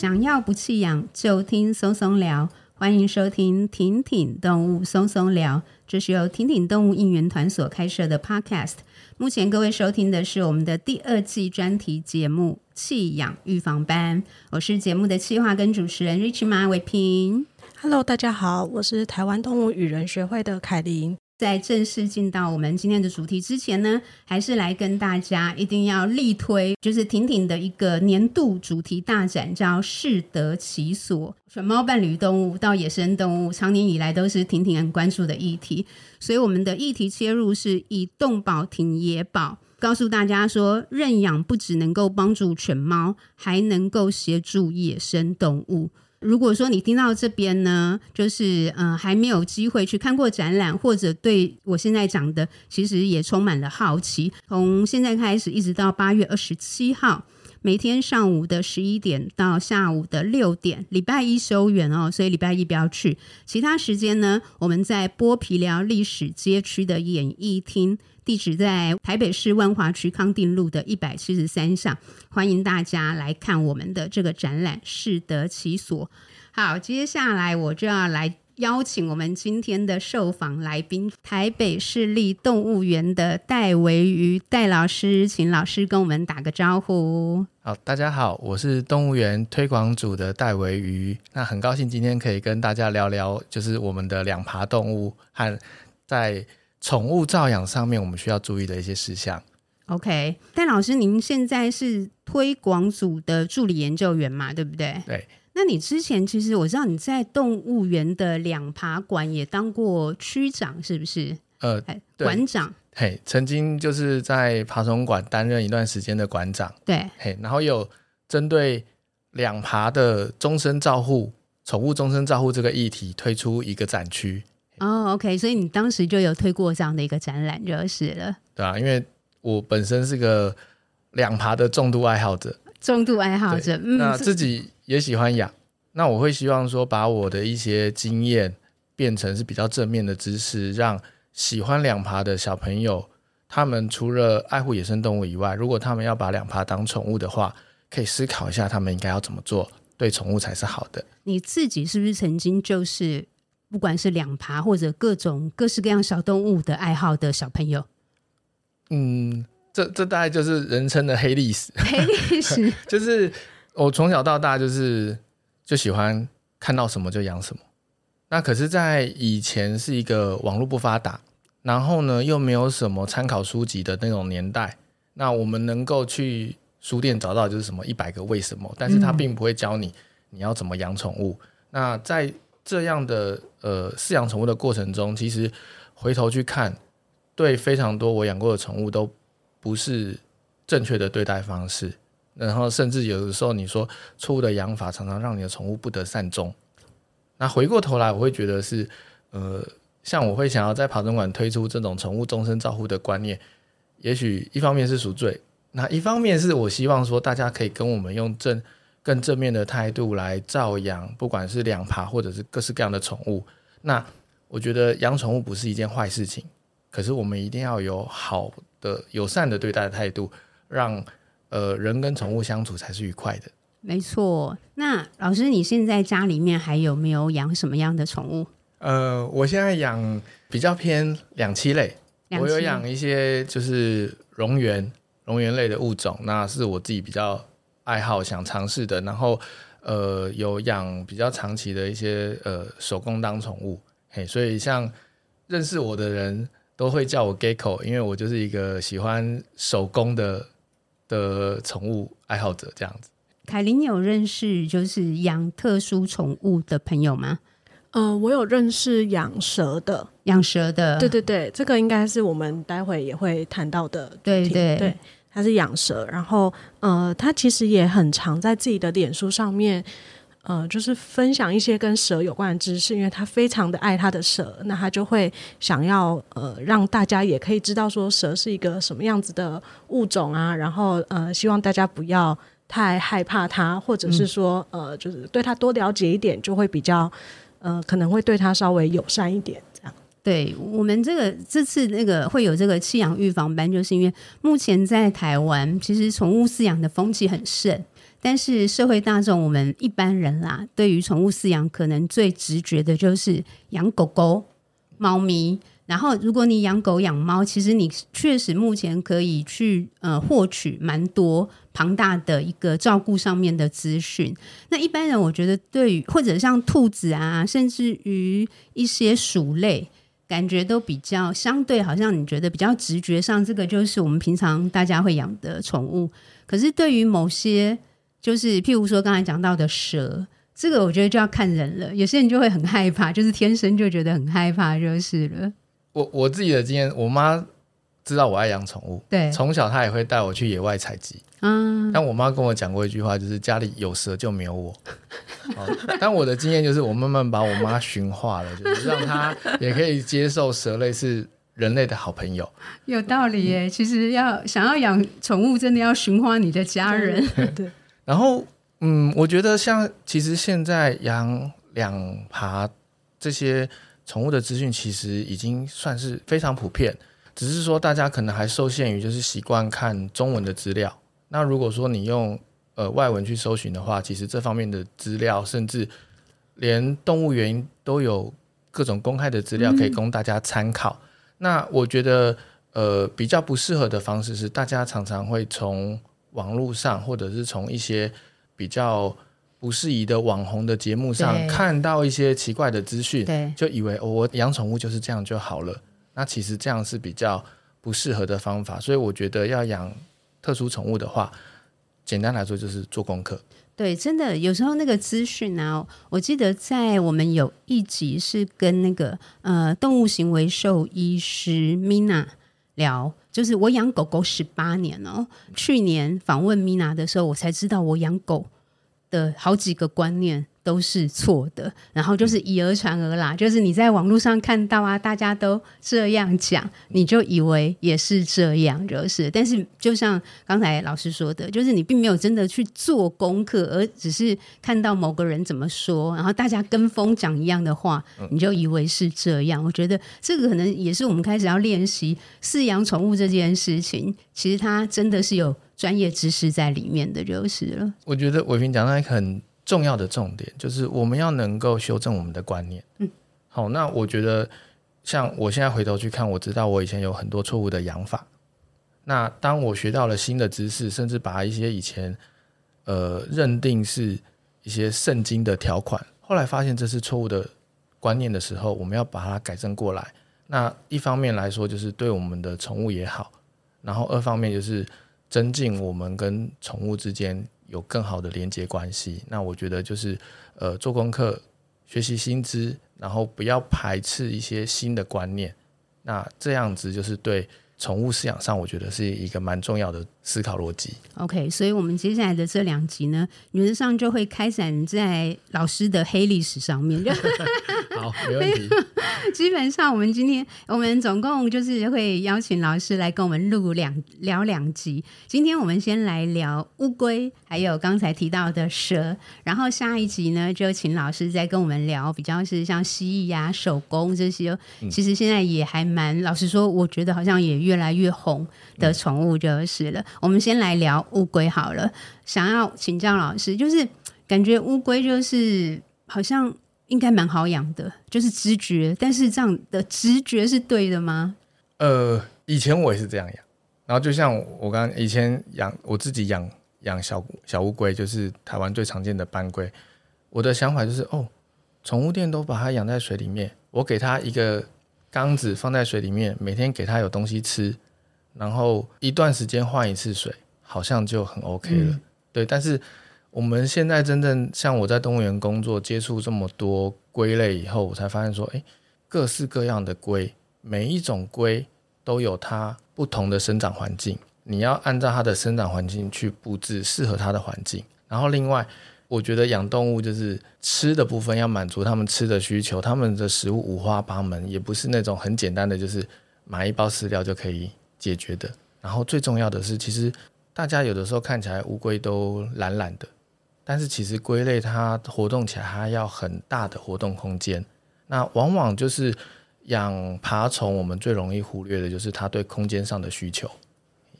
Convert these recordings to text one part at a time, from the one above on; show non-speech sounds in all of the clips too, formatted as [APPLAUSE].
想要不棄養，就聽鬆鬆聊。歡迎收聽《挺挺動物鬆鬆聊》，這是由《挺挺動物》應援團所開設的 Podcast。目前各位收聽的是我們的第二季專題節目《棄養預防班》，我是節目的企劃跟主持人 Rich 馬偉蘋。Hello，大家好，我是台灣動物與人學會的愷羚。在正式進到我們今天的主題之前呢，還是來跟大家一定要力推，就是婷婷的一個年度主題大展，叫適得其所。犬貓伴侶動物到野生動物，常年以來都是婷婷很關注的議題，所以我們的議題切入是以動保挺野保，告訴大家說，認養不只能夠幫助犬貓，還能夠協助野生動物。如果說你聽到這邊呢，就是嗯、呃、還沒有機會去看過展覽，或者對我現在講的，其實也充滿了好奇。從現在開始，一直到八月二十七號。每天上午的十一點到下午的六點，禮拜一休園哦，所以禮拜一不要去。其他時間呢，我們在剝皮寮歷史街區的演藝廳，地址在台北市萬華區康定路的一百七十三巷，歡迎大家來看我們的這個展覽《適得其所》。好，接下來我就要來。邀請我們今天的受訪來賓，台北市立動物園的戴為愚戴老師，請老師跟我們打個招呼。好，大家好，我是動物園推廣組的戴為愚。那很高興今天可以跟大家聊聊，就是我們的兩爬動物和在寵物照養上面我們需要注意的一些事項。OK，戴老師，您現在是推廣組的助理研究員嘛？對不對？對。那你之前其實我知道你在動物園的兩爬館也當過區長，是不是？呃，對，館長，嘿，曾經就是在爬蟲館擔任一段時間的館長，對，嘿，然後有針對兩爬的終身照護、寵物終身照護這個議題推出一個展區。哦，OK，所以你當時就有推過這樣的一個展覽，就是了，對啊，因為我本身是個兩爬的重度愛好者，重度愛好者，對嗯、那自己，也喜歡養，那我會希望說，把我的一些經驗變成是比較正面的知識，讓喜歡兩爬的小朋友，他們除了愛護野生動物以外，如果他們要把兩爬當寵物的話，可以思考一下，他們應該要怎麼做，對寵物才是好的。你自己是不是曾經就是，不管是兩爬或者各種各式各樣小動物的愛好的小朋友？嗯，這這大概就是人稱的黑歷史，黑歷史 [LAUGHS] 就是。我從小到大就是就喜歡看到什麼就養什麼。那可是，在以前是一個網絡不發達，然後呢又沒有什麼參考書籍的那種年代。那我們能夠去書店找到就是什麼一百個為什麼，但是它並不會教你你要怎麼養寵物。嗯。那在這樣的呃飼養寵物的過程中，其實回頭去看，對非常多我養過的寵物都不是正確的對待方式。然後，甚至有的時候，你說錯誤的養法常常讓你的寵物不得善終。那回過頭來，我會覺得是，呃，像我會想要在爬寵館推出這種寵物終身照護的觀念，也許一方面是贖罪，那一方面是我希望說，大家可以跟我們用正更正面的態度來照養，不管是兩爬或者是各式各樣的寵物。那我覺得養寵物不是一件壞事情，可是我們一定要有好的友善的對待的態度，讓。呃，人跟寵物相處才是愉快的。沒錯，那老師，你現在家裡面還有沒有養什麼樣的寵物？呃，我現在養比較偏兩棲類，兩棲？我有養一些就是蠑螈、蠑螈類的物種，那是我自己比較愛好、想嘗試的。然後，呃，有養比較長期的一些呃守宮當寵物，嘿，所以像認識我的人都會叫我 Gekko，因為我就是一個喜歡守宮的。的寵物愛好者這樣子，愷羚有認識就是養特殊寵物的朋友嗎？呃，我有認識養蛇的，養蛇的，對對對，這個應該是我們待會也會談到的，對對對，他是養蛇，然後呃，他其實也很常在自己的臉書上面。呃，就是分享一些跟蛇有關的知識，因為他非常的愛他的蛇，那他就會想要呃讓大家也可以知道說蛇是一個什麼樣子的物種啊，然後呃希望大家不要太害怕它，或者是說呃就是對它多了解一點，就會比較呃可能會對它稍微友善一點這樣。對，我們這個這次那個會有這個棄養預防班，就是因為目前在台灣其實寵物飼養的風氣很盛。但是社會大眾，我們一般人啦，對於寵物飼養，可能最直覺的就是養狗狗、貓咪。然後，如果你養狗養貓，其實你確實目前可以去呃獲取蠻多龐大的一個照顧上面的資訊。那一般人我覺得，對於或者像兔子啊，甚至於一些鼠類，感覺都比較相對，好像你覺得比較直覺上，這個就是我們平常大家會養的寵物。可是對於某些就是譬如說剛才講到的蛇，這個我覺得就要看人了。有些人就會很害怕，就是天生就覺得很害怕，就是了。我我自己的經驗，我媽知道我愛養寵物，對，從小她也會帶我去野外採集。嗯，但我媽跟我講過一句話，就是家裡有蛇就沒有我。 [LAUGHS] 哦，但我的經驗就是，我慢慢把我媽馴化了，就是讓她也可以接受蛇類是人類的好朋友。有道理耶！嗯，其實要想要養寵物，真的要馴化你的家人。對 [LAUGHS] 然後，嗯，我覺得像其實現在養兩爬這些寵物的資訊，其實已經算是非常普遍。只是說大家可能還受限於，就是習慣看中文的資料。那如果說你用呃外文去搜尋的話，其實這方面的資料，甚至連動物園都有各種公開的資料可以供大家參考。嗯。那我覺得，呃，比較不適合的方式是，大家常常會從。網絡上，或者是從一些比較不適宜的網紅的節目上看到一些奇怪的資訊，對，對。就以為，哦，我養寵物就是這樣就好了。那其實這樣是比較不適合的方法，所以我覺得要養特殊寵物的話，簡單來說就是做功課。對，真的有時候那個資訊啊，我記得在我們有一集是跟那個呃動物行為獸醫師 Mina。聊，就是我養狗狗十八年了哦，去年訪問米娜的時候，我才知道我養狗的好幾個觀念，都是錯的，然後就是以訛傳訛啦，就是你在網絡上看到啊，大家都這樣講，你就以為也是這樣，就是。但是就像剛才老師說的，就是你並沒有真的去做功課，而只是看到某個人怎麼說，然後大家跟風講一樣的話，你就以為是這樣。嗯、我覺得這個可能也是我們開始要練習飼養寵物這件事情，其實它真的是有專業知識在裡面的，就是了。我覺得偉蘋講的很。重要的重點就是我們要能夠修正我們的觀念。好，那我覺得像我現在回頭去看，我知道我以前有很多錯誤的養法。那當我學到了新的知識，甚至把一些以前呃認定是一些聖經的條款，後來發現這是錯誤的觀念的時候，我們要把它改正過來。那一方面來說，就是對我們的寵物也好；然後二方面就是增進我們跟寵物之間有更好的連結關係，那我覺得就是，呃，做功課、學習新知，然後不要排斥一些新的觀念，那這樣子就是對寵物飼養上，我覺得是一個蠻重要的思考邏輯。OK，所以我們接下來的這兩集呢，原則上就會開展在老師的黑歷史上面。 [LAUGHS] [LAUGHS] 基本上，我們今天我們總共就是會邀請老師來跟我們錄兩聊兩集。今天我們先來聊烏龜，還有剛才提到的蛇。然後下一集呢，就請老師再跟我們聊比較是像蜥蜴呀、啊、守宮這些。嗯、其實現在也還蠻，老實說，我覺得好像也越來越紅的寵物就是了。嗯、我們先來聊烏龜好了。想要請教老師，就是感覺烏龜就是好像。應該蠻好養的，就是直覺，但是這樣的直覺是對的嗎？呃，以前我也是這樣養，然後就像我剛剛以前養我自己養養小小烏龜，就是台灣最常見的斑龜。我的想法就是，哦，寵物店都把它養在水裡面，我給它一個缸子放在水裡面，每天給它有東西吃，然後一段時間換一次水，好像就很 OK 了。嗯、對，但是。我們現在真正像我在動物園工作接觸這麼多龜類以後，我才發現說，哎，各式各樣的龜，每一種龜都有它不同的生長環境，你要按照它的生長環境去布置適合它的環境。然後另外，我覺得養動物就是吃的部分要滿足它們吃的需求，它們的食物五花八門，也不是那種很簡單的，就是買一包飼料就可以解決的。然後最重要的是，其實大家有的時候看起來烏龜都懶懶的。但是其實龜類它活動起來，它要很大的活動空間。那往往就是養爬蟲，我們最容易忽略的就是它對空間上的需求。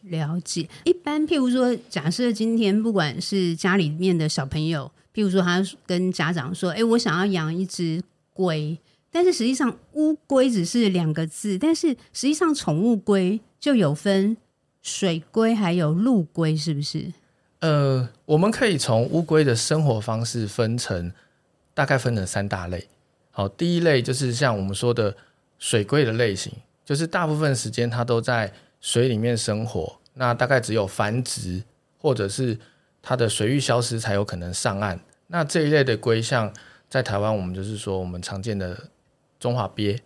了解。一般，譬如說，假設今天不管是家裡面的小朋友，譬如說他跟家長說：“哎、欸，我想要養一只龜。”但是實際上，烏龜只是兩個字，但是實際上寵物龜就有分水龜還有陸龜，是不是？呃，我們可以從烏龜的生活方式分成大概分成三大類。好，第一類就是像我們說的水龜的類型，就是大部分時間它都在水裡面生活，那大概只有繁殖或者是它的水域消失才有可能上岸。那這一類的龜，像在台灣我們就是說我們常見的中華鱉，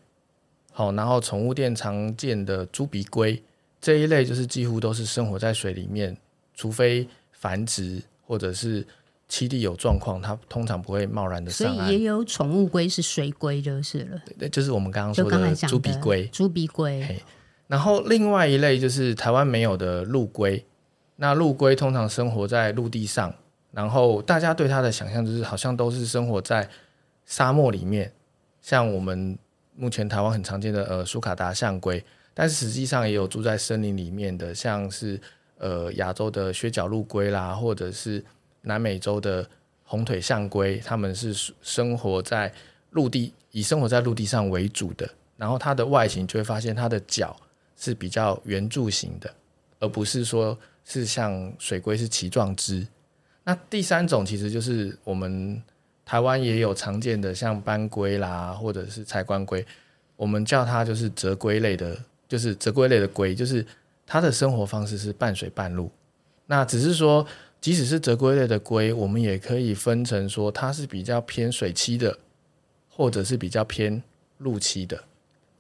好，然後寵物店常見的豬鼻龜這一類，就是幾乎都是生活在水裡面，除非。繁殖或者是棲地有狀況，它通常不會貿然的上岸。所以也有寵物龜是水龜，就是了。嗯。對，就是我們剛剛說的豬鼻龜。豬鼻龜。然後另外一類就是台灣沒有的陸龜。那陸龜通常生活在陸地上，然後大家對它的想象就是好像都是生活在沙漠裡面。像我們目前台灣很常見的呃蘇卡達象龜，但是實際上也有住在森林裡面的，像是。呃，亞洲的靴腳陸龜啦，或者是南美洲的紅腿象龜，它們是生活在陸地，以生活在陸地上為主的。然後它的外形就會發現，它的腳是比較圓柱形的，而不是說是像水龜是鰭狀肢。那第三種其實就是我們台灣也有常見的，像斑龜啦，或者是柴棺龜，我們叫它就是澤龜類的，就是澤龜類的龜，就是。他的生活方式是半水半陸，那只是說，即使是澤龜類的龜，我們也可以分成說，它是比較偏水棲的，或者是比較偏陸棲的。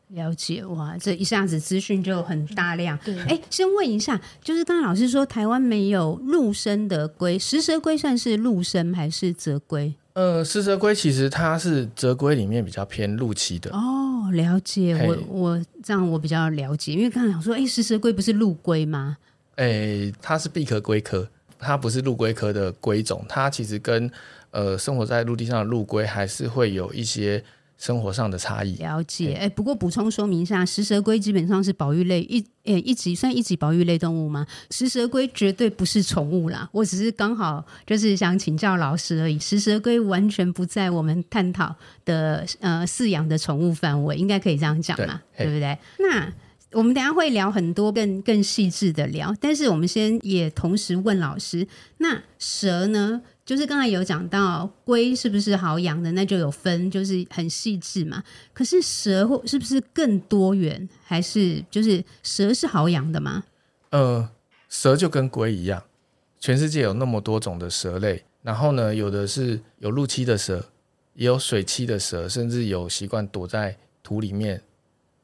了解哇，這一下子資訊就很大量。嗯，對，哎，先問一下，就是剛剛老師說台灣沒有陸生的龜，食蛇龜算是陸生還是澤龜？呃，食蛇龜其實它是澤龜裡面比較偏陸棲的。哦，了解。嘿我我這樣我比較了解，因為剛才想說，哎，食蛇龜不是陸龜嗎？哎、欸，它是閉殼龜科，它不是陸龜科的龜種，它其實跟呃生活在陸地上的陸龜還是會有一些。生活上的差異，了解。欸、不過補充說明一下，食蛇龜基本上是保育類一，欸、一級，算一級保育類動物嗎？食蛇龜絕對不是寵物啦，我只是剛好就是想請教老師而已。食蛇龜完全不在我們探討的呃飼養的寵物範圍，應該可以這樣講嘛，對，對不對？嘿那我們等下會聊很多更更細緻的聊，但是我們先也同時問老師，那蛇呢？就是剛才有講到龜是不是好養的，那就有分，就是很細緻嘛。可是蛇會是不是更多元，還是就是蛇是好養的嗎？呃，蛇就跟龜一樣，全世界有那麼多種的蛇類，然後呢，有的是有陸棲的蛇，也有水棲的蛇，甚至有習慣躲在土裡面、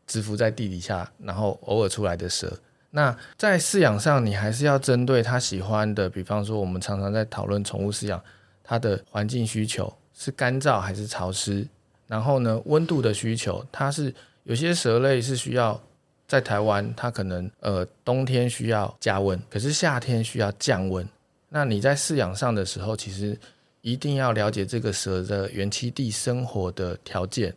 蟄伏在地底下，然後偶爾出來的蛇。那在飼養上，你還是要針對它喜歡的，比方說我們常常在討論寵物飼養，它的環境需求是乾燥還是潮濕，然後呢，溫度的需求，它是有些蛇類是需要在台灣，它可能呃冬天需要加溫，可是夏天需要降溫。那你在飼養上的時候，其實一定要了解這個蛇的原棲地生活的條件。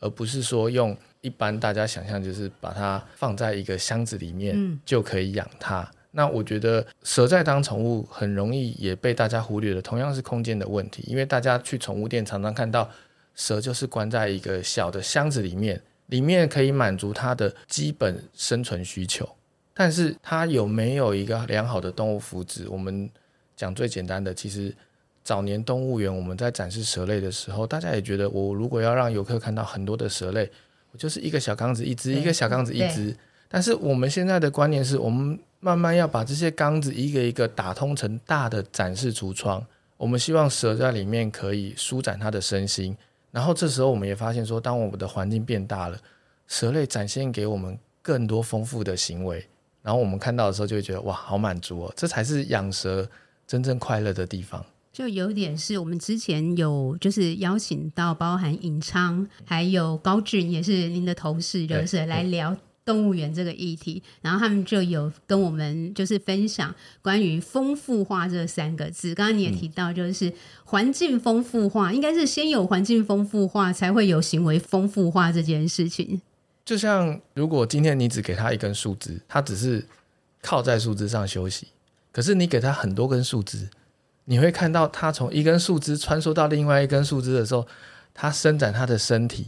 而不是說用一般大家想象就是把它放在一個箱子裡面就可以養它。嗯、那我覺得蛇在當寵物很容易也被大家忽略了，同樣是空間的問題。因為大家去寵物店常常常看到蛇就是關在一個小的箱子裡面，裡面可以滿足它的基本生存需求，但是它有沒有一個良好的動物福祉？我們講最簡單的，其實。早年動物園，我們在展示蛇類的時候，大家也覺得，我如果要讓遊客看到很多的蛇類，我就是一個小缸子一隻，一個小缸子一隻。欸，但是我們現在的觀念是，我們慢慢要把這些缸子一個一個打通成大的展示櫥窗。我們希望蛇在裡面可以舒展它的身心。然後這時候我們也發現說，當我們的環境變大了，蛇類展現給我們更多豐富的行為。然後我們看到的時候就會覺得哇，好滿足哦，這才是養蛇真正快樂的地方。就有點是我們之前有就是邀請到包含尹昌還有高俊，也是您的同事，就是、欸欸、來聊動物園這個議題。然後他們就有跟我們就是分享關於豐富化這三個字。剛剛你也提到，就是環境豐富化、嗯、應該是先有環境豐富化，才會有行為豐富化這件事情。就像如果今天你只給他一根樹枝，他只是靠在樹枝上休息；可是你給他很多根樹枝。你會看到它從一根樹枝穿梭到另外一根樹枝的時候，它伸展它的身體，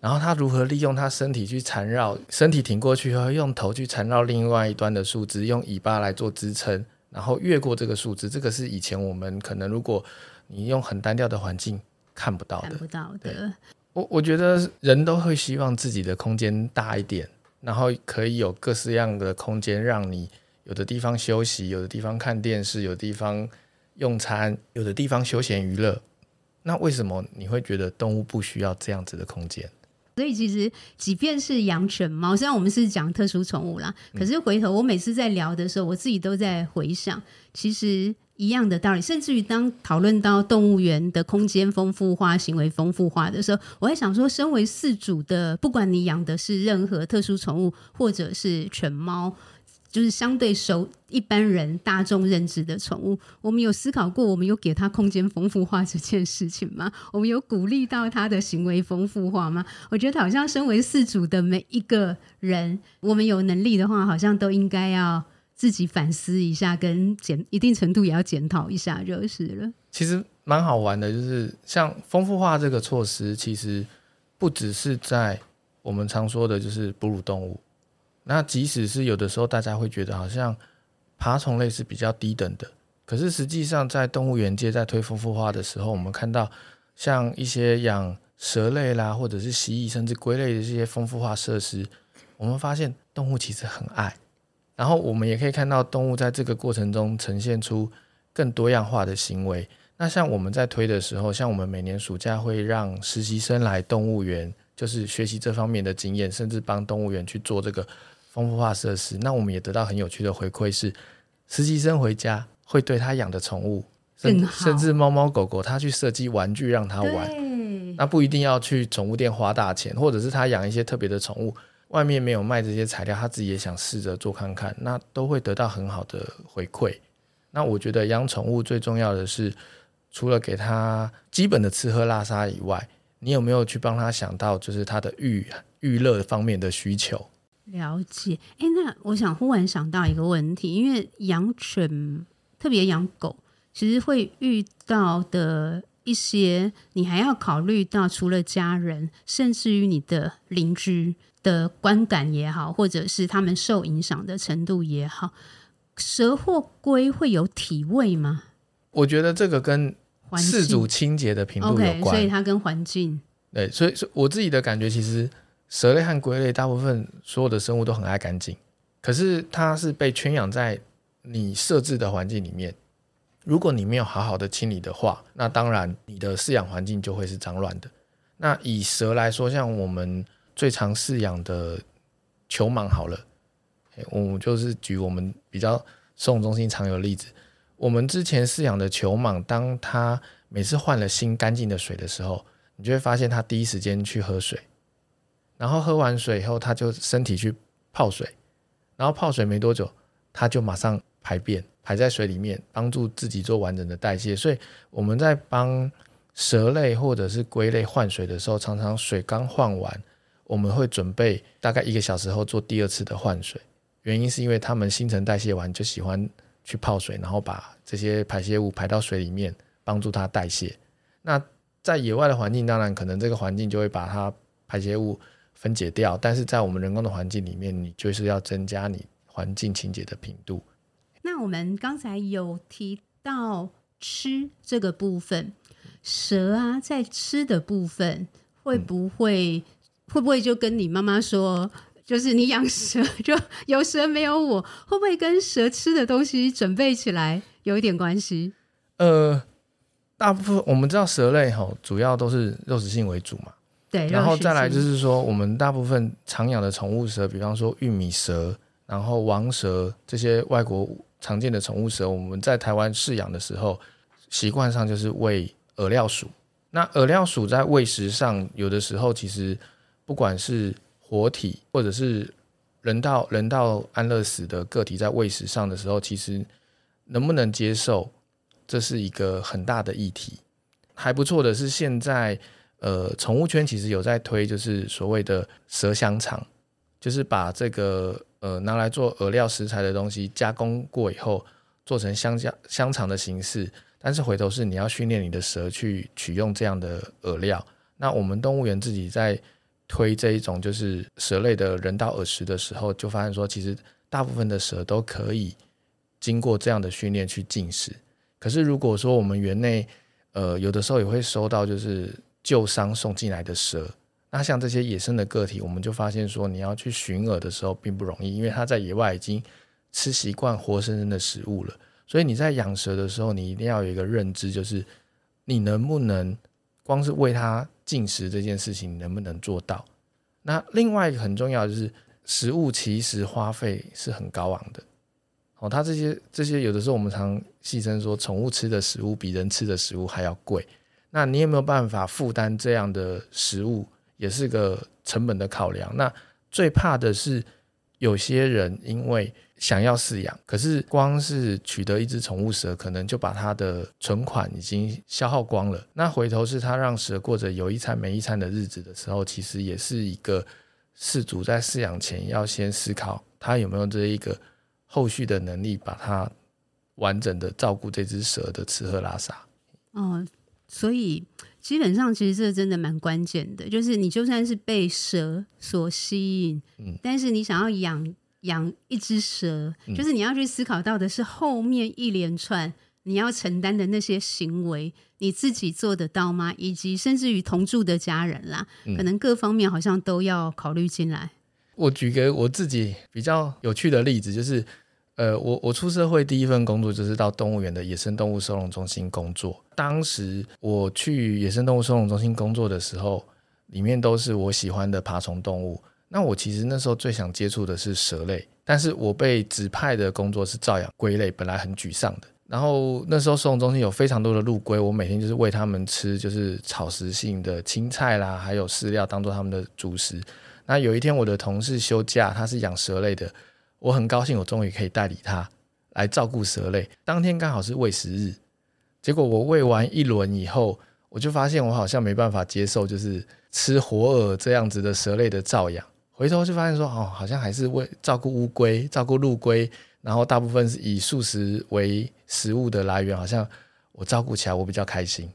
然後它如何利用它身體去纏繞，身體挺過去後，用頭去纏繞另外一端的樹枝，用尾巴來做支撐，然後越過這個樹枝。這個是以前我們可能如果你用很單調的環境看不到的。看不到的。我我覺得人都會希望自己的空間大一點，然後可以有各式樣的空間，讓你有的地方休息，有的地方看電視，有的地方。用餐有的地方休閒娛樂，那為什麼你會覺得動物不需要這樣子的空間？所以其實即便是養犬貓，雖然我們是講特殊寵物啦，可是回頭我每次在聊的時候，我自己都在回想，其實一樣的道理。甚至於當討論到動物園的空間豐富化、行為豐富化的時候，我還想說，身為飼主的，不管你養的是任何特殊寵物，或者是犬貓。就是相對熟一般人大眾認知的寵物，我們有思考過，我們有給他空間豐富化這件事情嗎？我們有鼓勵到他的行為豐富化嗎？我覺得好像身為飼主的每一個人，我們有能力的話，好像都應該要自己反思一下，跟檢一定程度也要檢討一下就是了。其實蠻好玩的，就是像豐富化這個措施，其實不只是在我們常說的，就是哺乳動物。那即使是有的時候，大家會覺得好像爬蟲類是比較低等的，可是實際上在動物園界在推豐富化的時候，我們看到像一些養蛇類啦，或者是蜥蜴，甚至龜類的這些豐富化設施，我們發現動物其實很愛。然後我們也可以看到動物在這個過程中呈現出更多樣化的行為。那像我們在推的時候，像我們每年暑假會讓實習生來動物園，就是學習這方面的經驗，甚至幫動物園去做這個。豐富化設施，那我們也得到很有趣的回饋是，實習生回家會對他養的寵物，甚、嗯、好甚至貓貓狗狗，他去設計玩具讓他玩，對那不一定要去寵物店花大錢，或者是他養一些特別的寵物，外面沒有賣這些材料，他自己也想試着做看看，那都會得到很好的回饋。那我覺得養寵物最重要的是，除了給他基本的吃喝拉撒以外，你有沒有去幫他想到就是他的娛娛樂方面的需求？了解，哎，那我想忽然想到一個問題，因為養犬，特別養狗，其實會遇到的一些，你還要考慮到除了家人，甚至於你的鄰居的觀感也好，或者是他們受影響的程度也好，蛇或龜會有體味嗎？我覺得這個跟自主清潔的頻率有關，Okay, 所以它跟環境對，所以是我自己的感覺，其實。蛇類和龜類大部分所有的生物都很愛乾淨，可是它是被圈養在你設置的環境裡面。如果你沒有好好的清理的話，那當然你的飼養環境就會是髒亂的。那以蛇來說，像我們最常飼養的球蟒好了，我就是舉我們比較收容中心常有的例子。我們之前飼養的球蟒，當它每次換了新乾淨的水的時候，你就會發現它第一時間去喝水。然後喝完水以後，他就身體去泡水，然後泡水沒多久，他就馬上排便，排在水裡面，幫助自己做完整的代謝。所以我們在幫蛇類或者是龜類換水的時候，常常水剛換完，我們會準備大概一個小時後做第二次的換水，原因是因為它們新陳代謝完就喜歡去泡水，然後把這些排泄物排到水裡面，幫助它代謝。那在野外的環境，當然可能這個環境就會把它排泄物。分解掉，但是在我們人工的環境裡面，你就是要增加你環境清潔的頻度。那我們剛才有提到吃這個部分，蛇啊，在吃的部分會不會、嗯、會不會就跟你媽媽說，就是你養蛇就有蛇沒有我，會不會跟蛇吃的東西準備起來有一點關係？呃，大部分我們知道蛇類吼，主要都是肉食性為主嘛。然後再來就是說，我們大部分常養的寵物蛇，比方說玉米蛇，然後王蛇這些外國常見的寵物蛇，我們在台灣飼養的時候，習慣上就是餵餌料鼠。那餌料鼠在餵食上，有的時候其實不管是活體或者是人道人道安樂死的個體在餵食上的時候，其實能不能接受，這是一個很大的議題。還不錯的是現在。呃，寵物圈其實有在推，就是所謂的蛇香腸，就是把這個呃拿來做餌料食材的東西加工過以後，做成香香香腸的形式。但是回頭是你要訓練你的蛇去取用這樣的餌料。那我們動物園自己在推這一種就是蛇類的人道餌食的時候，就發現說，其實大部分的蛇都可以經過這樣的訓練去進食。可是如果說我們園內呃有的時候也會收到就是。救傷送進來的蛇，那像這些野生的個體，我們就發現說，你要去馴餌的時候並不容易，因為它在野外已經吃習慣活生生的食物了。所以你在養蛇的時候，你一定要有一個認知，就是你能不能光是餵它進食這件事情能不能做到？那另外一個很重要就是，食物其實花費是很高昂的。哦，它這些這些有的時候我們常戲稱說，寵物吃的食物比人吃的食物還要貴。那你有沒有辦法負擔這樣的食物，也是個成本的考量。那最怕的是有些人因為想要飼養，可是光是取得一隻寵物蛇，可能就把他的存款已經消耗光了。那回頭是他讓蛇過着有一餐沒一餐的日子的時候，其實也是一個飼主在飼養前要先思考，他有沒有這一個後續的能力，把它完整的照顧這只蛇的吃喝拉撒。嗯、哦。所以，基本上其實這真的蠻關鍵的，就是你就算是被蛇所吸引，嗯、但是你想要養養一隻蛇，嗯、就是你要去思考到的是後面一連串你要承擔的那些行為，你自己做得到嗎？以及甚至於同住的家人啦，嗯、可能各方面好像都要考慮進來。我舉個我自己比較有趣的例子，就是。呃，我我出社會第一份工作就是到動物園的野生動物收容中心工作。當時我去野生動物收容中心工作的時候，裡面都是我喜歡的爬蟲動物。那我其實那時候最想接觸的是蛇類，但是我被指派的工作是照養龜類，本來很沮喪的。然後那時候收容中心有非常多的陸龜，我每天就是喂他們吃就是草食性的青菜啦，還有飼料當做他們的主食。那有一天我的同事休假，他是養蛇類的。我很高興，我終於可以代理他來照顧蛇類。當天剛好是餵食日，結果我餵完一輪以後，我就發現我好像沒辦法接受，就是吃活餌這樣子的蛇類的照養。回頭就發現說，哦，好像還是喂照顧烏龜、照顧陸龜，然後大部分是以素食為食物的來源，好像我照顧起來我比較開心。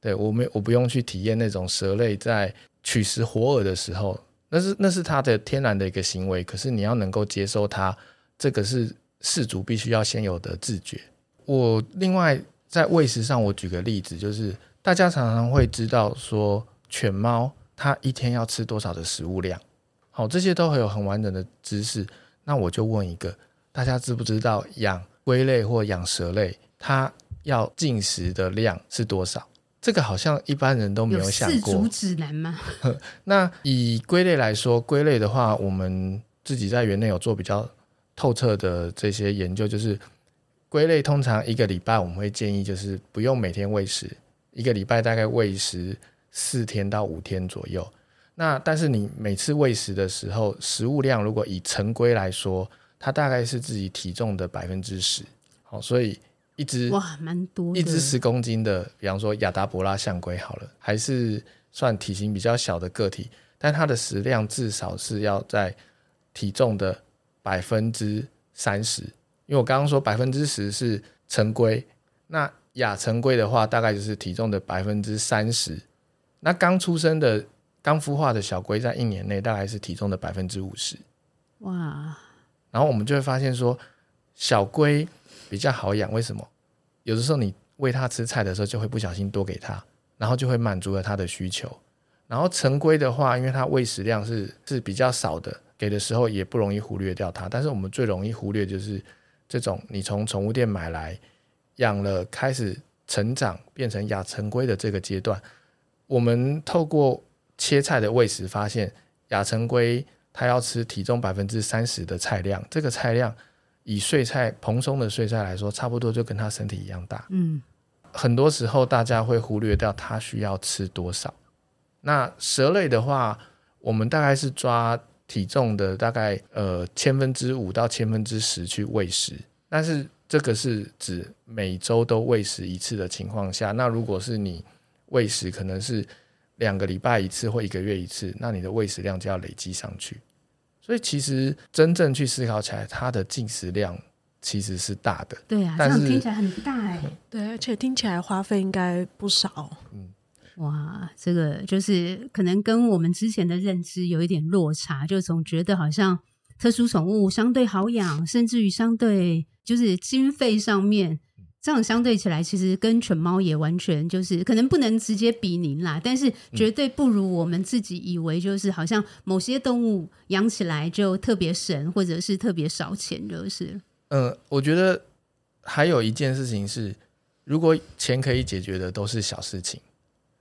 對，我沒，我不用去體驗那種蛇類在取食活餌的時候。那是那是它的天然的一個行為，可是你要能夠接受它，這個是飼主必須要先有的自覺。我另外在餵食上，我舉個例子，就是大家常常會知道說，犬貓它一天要吃多少的食物量，好、哦，這些都會有很完整的知識。那我就問一個，大家知不知道養龜類或養蛇類，它要進食的量是多少？這個好像一般人都沒有想過。四足指南嗎？那以龜類來說，龜類的話，我們自己在園內有做比較透徹的這些研究，就是龜類通常一個禮拜我們會建議，就是不用每天餵食，一個禮拜大概餵食四天到五天左右。那但是你每次餵食的時候，食物量如果以成龜來說，它大概是自己體重的百分之十。好，所以。一隻哇，蠻多。一只十公斤的，比方說亞達伯拉象龜好了，還是算體型比較小的個體，但它的食量至少是要在體重的百分之三十。因為我剛剛說百分之十是成龜，那亞成龜的話，大概就是體重的百分之三十。那剛出生的、剛孵化的小龜，在一年內大概是體重的百分之五十。哇！然後我們就會發現說，小龜。比較好養，為什麼？有的時候你餵它吃菜的時候，就會不小心多給它，然後就會滿足了它的需求。然後成龜的話，因為它餵食量是是比較少的，給的時候也不容易忽略掉它。但是我們最容易忽略就是這種你從寵物店買來養了開始成長變成亞成龜的這個階段，我們透過切菜的餵食發現，亞成龜它要吃體重百分之三十的菜量，這個菜量。以碎菜、蓬鬆的碎菜來說，差不多就跟他身體一樣大。嗯，很多時候大家會忽略掉他需要吃多少。那蛇類的話，我們大概是抓體重的大概呃千分之五到千分之十去餵食。但是這個是指每周都餵食一次的情況下。那如果是你餵食，可能是兩個禮拜一次或一個月一次，那你的餵食量就要累積上去。所以其實真正去思考起來，它的進食量其實是大的。對啊，但是這樣聽起來很大哎、欸嗯，對，而且聽起來花費應該不少，嗯，哇，這個就是可能跟我們之前的認知有一點落差，就總覺得好像特殊寵物相對好養，甚至於相對就是經費上面。這樣相對起來，其實跟犬貓也完全就是可能不能直接比擬啦，但是絕對不如我們自己以為，就是好像某些動物養起來就特別神，或者是特別少錢，就是。嗯，我覺得還有一件事情是，如果錢可以解決的都是小事情，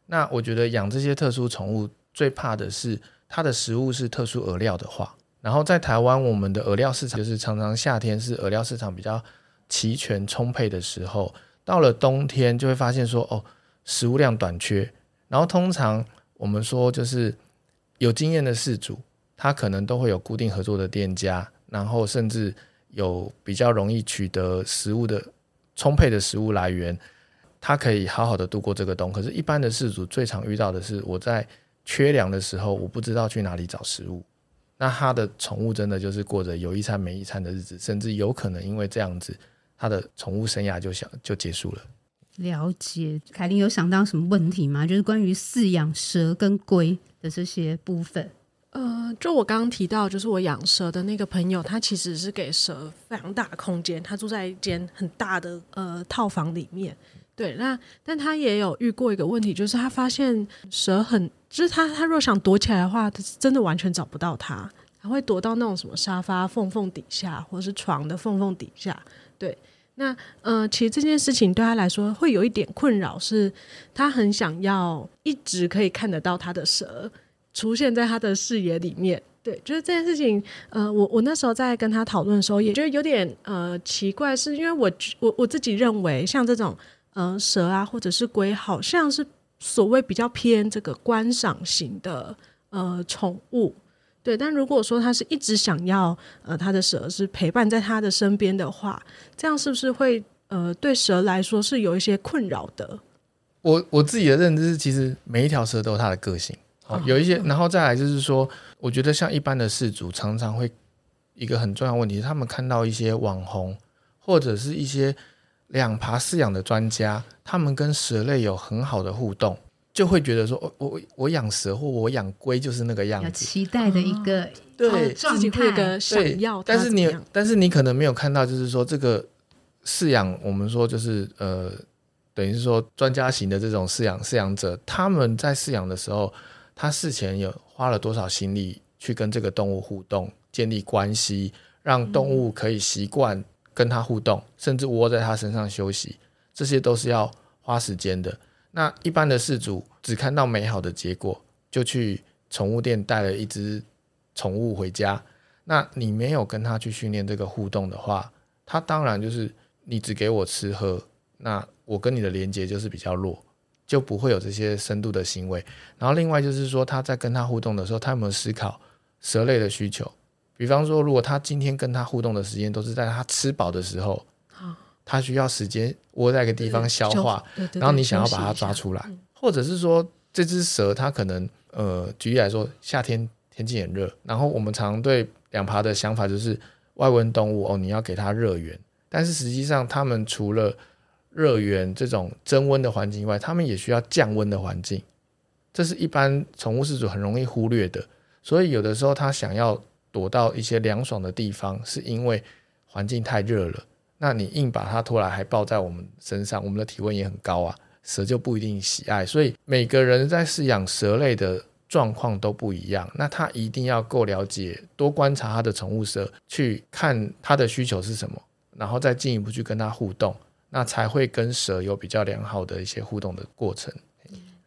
那我覺得養這些特殊寵物最怕的是它的食物是特殊餌料的話，然後在台灣我們的餌料市場就是常常夏天是餌料市場比較。齊全充沛的時候，到了冬天就會發現說哦，食物量短缺。然後通常我們說就是有經驗的飼主，他可能都會有固定合作的店家，然後甚至有比較容易取得食物的充沛的食物來源，他可以好好的度過這個冬。可是，一般的飼主最常遇到的是，我在缺糧的時候，我不知道去哪裡找食物。那他的寵物真的就是過着有一餐沒一餐的日子，甚至有可能因為這樣子。他的寵物生涯就想就結束了。了解。愷羚有想到有什麼問題嗎？就是關於飼養蛇跟龜的這些部分。呃，就我剛剛提到，就是我養蛇的那個朋友，他其實是給蛇非常大的空間，他住在一間很大的呃套房裡面。對，那但他也有遇過一個問題，就是他發現蛇很，就是他他若想躲起來的話，他真的完全找不到他。還會躲到那種什麼沙發縫縫底下，或者是床的縫縫底下。對，那呃，其實這件事情對他來說會有一點困擾，是他很想要一直可以看得到他的蛇出現在他的視野裡面。對，就是這件事情，呃，我我那時候在跟他討論的時候，也覺得有點呃奇怪，是因為我我我自己認為，像這種呃蛇啊，或者是龜，好像是所謂比較偏這個觀賞型的呃寵物。對，但如果說他是一直想要呃他的蛇是陪伴在他的身邊的話，這樣是不是會呃對蛇來說是有一些困擾的？我我自己的認知是，其實每一條蛇都有它的個性，哦、有一些，哦、然後再來就是說，哦、我覺得像一般的飼主常常會一個很重要問題是，他們看到一些網紅或者是一些兩爬飼養的專家，他們跟蛇類有很好的互動。就會覺得說，哦、我我我養蛇或我養龜就是那個樣子，期待的一個對狀態，對。但是你，嗯、但是你可能沒有看到，就是說這個飼養，我們說就是呃，等於是說專家型的這種飼養飼養者，他們在飼養的時候，他事前有花了多少心力去跟這個動物互動、建立關係，讓動物可以習慣跟他互動，嗯、甚至窩在他身上休息，這些都是要花時間的。那一般的飼主只看到美好的結果，就去寵物店帶了一隻寵物回家。那你沒有跟他去訓練這個互動的話，他當然就是你只給我吃喝，那我跟你的連接就是比較弱，就不會有這些深度的行為。然後另外就是說，他在跟他互動的時候，他有沒有思考蛇類的需求？比方說，如果他今天跟他互動的時間都是在他吃飽的時候。它需要時間窩在一個地方消化，消，對對對，然後你想要把它抓出來，嗯、或者是說這隻蛇它可能呃，舉例來說，夏天天氣很熱，然後我們常對兩爬的想法就是外溫動物哦，你要給它熱源，但是實際上它們除了熱源這種增溫的環境以外，它們也需要降溫的環境，這是一般寵物飼主很容易忽略的，所以有的時候它想要躲到一些涼爽的地方，是因為環境太熱了。那你硬把它拖來，還抱在我們身上，我們的體溫也很高啊，蛇就不一定喜愛。所以每個人在飼養蛇類的狀況都不一樣，那他一定要夠了解，多觀察他的寵物蛇，去看他的需求是什麼，然後再進一步去跟他互動，那才會跟蛇有比較良好的一些互動的過程。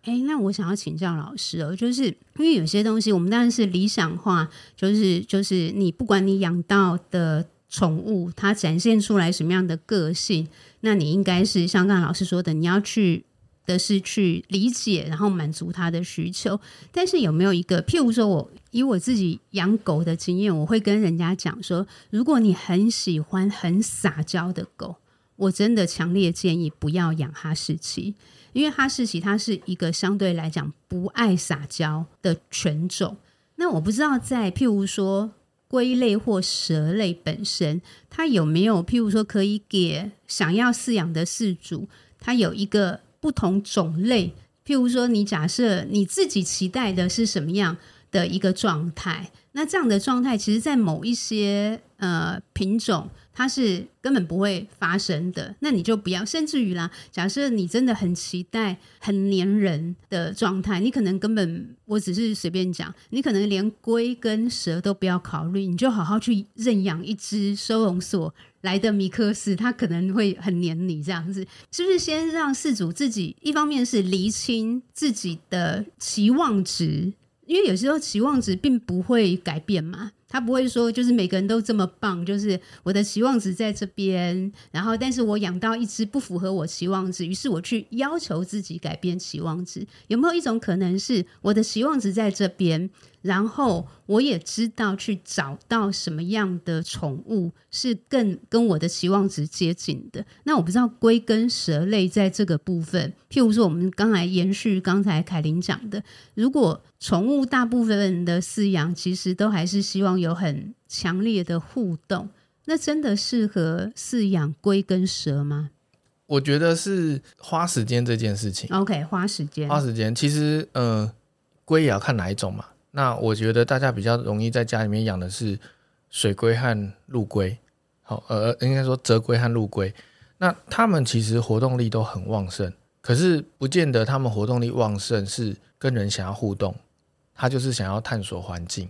誒，那我想要請教老師哦，就是因為有些東西我們當然是理想化，就是就是你不管你養到的。寵物它，展現出來什麼樣的個性，那你應該是像剛才老師說的，你要去的是去理解，然後滿足它的需求。但是有沒有一個，譬如說我，我以我自己養狗的經驗，我會跟人家講說，如果你很喜歡很撒嬌的狗，我真的強烈建議不要養哈士奇，因為哈士奇它是一個相對來講不愛撒嬌的犬種。那我不知道在譬如說。龜類或蛇類本身，它有沒有譬如說可以給想要飼養的飼主，它有一個不同種類，譬如說你假設你自己期待的是什麼樣的一個狀態，那這樣的狀態其實，在某一些呃品種。它是根本不會發生的，那你就不要。甚至於啦，假設你真的很期待很黏人的狀態，你可能根本，我只是隨便講，你可能連龜跟蛇都不要考慮，你就好好去認養一只收容所來的米克斯，它可能會很黏你這樣子。是不是先讓飼主自己，一方面是釐清自己的期望值，因為有時候期望值並不會改變嘛。他不會說，就是每個人都這麼棒，就是我的期望值在這邊，然後但是我養到一隻不符合我期望值，於是我去要求自己改變期望值。有沒有一種可能是，我的期望值在這邊？然後我也知道去找到什麼樣的寵物是更跟我的期望值接近的。那我不知道龜跟蛇類在這個部分，譬如說我們剛才延續剛才愷羚講的，如果寵物大部分人的飼養其實都還是希望有很強烈的互動，那真的適合飼養龜跟蛇嗎？我覺得是花時間這件事情。OK，花時間，花時間。其實，嗯、呃，龜也要看哪一種嘛。那我覺得大家比較容易在家裡面養的是水龜和陸龜，好，呃，應該說澤龜和陸龜。那它們其實活動力都很旺盛，可是不見得它們活動力旺盛是跟人想要互動，它就是想要探索環境。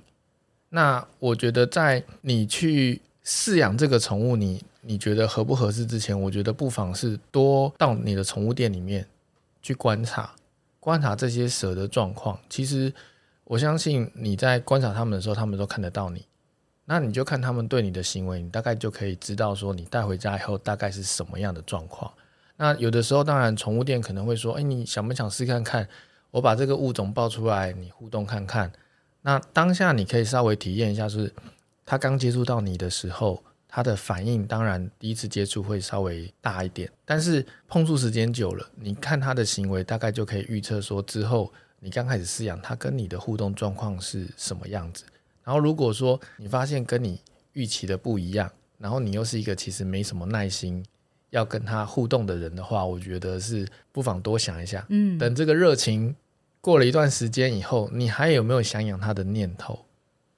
那我覺得在你去飼養這個寵物，你你覺得合不合適之前，我覺得不妨是多到你的寵物店裡面去觀察，觀察這些蛇的狀況，其實。我相信你在觀察他們的時候，他們都看得到你。那你就看他們對你的行為，你大概就可以知道說你帶回家以後大概是什麼樣的狀況。那有的時候，當然寵物店可能會說：“哎、欸，你想不想試看看？我把這個物種抱出來，你互動看看。”那當下你可以稍微體驗一下，是它剛接觸到你的時候，它的反應。當然，第一次接觸會稍微大一點，但是碰觸時間久了，你看它的行為，大概就可以預測說之後。你剛開始飼養它，跟你的互動狀況是什麼樣子？然後如果說你發現跟你預期的不一樣，然後你又是一個其實沒什麼耐心要跟它互動的人的話，我覺得是不妨多想一下。嗯，等這個熱情過了一段時間以後，你還有沒有想養它的念頭？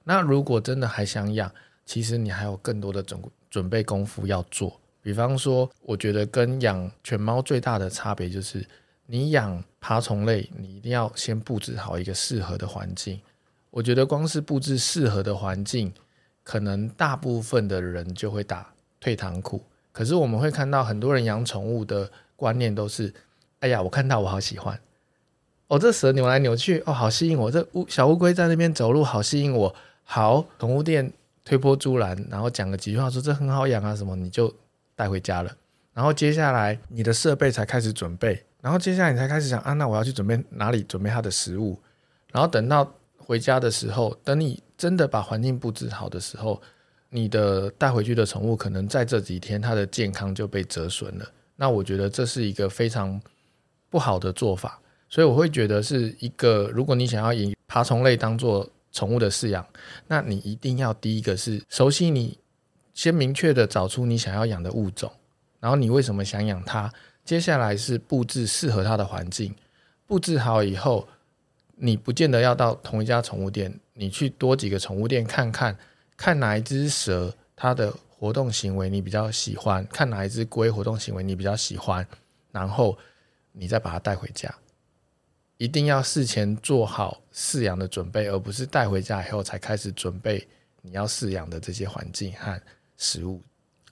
那如果真的還想養，其實你還有更多的準準備功夫要做。比方說，我覺得跟養犬貓最大的差別就是。你養爬蟲類，你一定要先佈置好一個適合的環境。我覺得光是佈置適合的環境，可能大部分的人就會打退堂鼓。可是我們會看到很多人養寵物的觀念都是：哎呀，我看到我好喜歡，哦，這蛇扭來扭去，哦，好吸引我。這烏小烏龜在那邊走路，好吸引我。好，寵物店推波助瀾，然後講個幾句話說這很好養啊什麼，你就帶回家了。然後接下來你的設備才開始準備。然後接下來你才開始想啊，那我要去準備哪裡，準備它的食物，然後等到回家的時候，等你真的把環境布置好的時候，你的帶回去的寵物可能在這幾天它的健康就被折損了。那我覺得這是一個非常不好的做法，所以我會覺得是一個，如果你想要以爬蟲類當做寵物的飼養，那你一定要第一個是熟悉你，先明確的找出你想要養的物種，然後你為什麼想養它。接下來是布置適合它的環境，布置好以後，你不見得要到同一家寵物店，你去多幾個寵物店看看，看哪一只蛇它的活動行為你比較喜歡，看哪一只龜活動行為你比較喜歡，然後你再把它帶回家，一定要事前做好飼養的準備，而不是帶回家以後才開始準備你要飼養的這些環境和食物。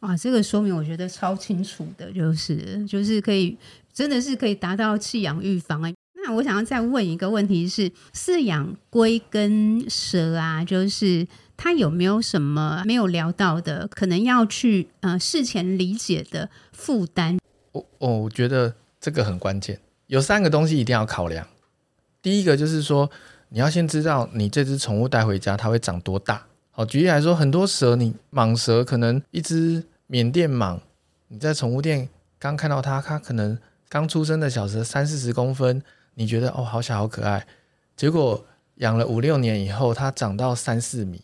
啊，這個說明我覺得超清楚的，就是就是可以，真的是可以達到棄養預防、欸。哎，那我想要再問一個問題是，飼養龜跟蛇啊，就是它有沒有什麼沒有聊到的，可能要去呃事前理解的負擔？我、哦哦、我覺得這個很關鍵，有三個東西一定要考量。第一個就是說，你要先知道你這隻寵物帶回家它會長多大。舉例來說，很多蛇，你蟒蛇可能一隻緬甸蟒，你在寵物店剛看到它，它可能剛出生的小蛇三四十公分，你覺得哦，好小好可愛，結果養了五六年以後，它長到三四米，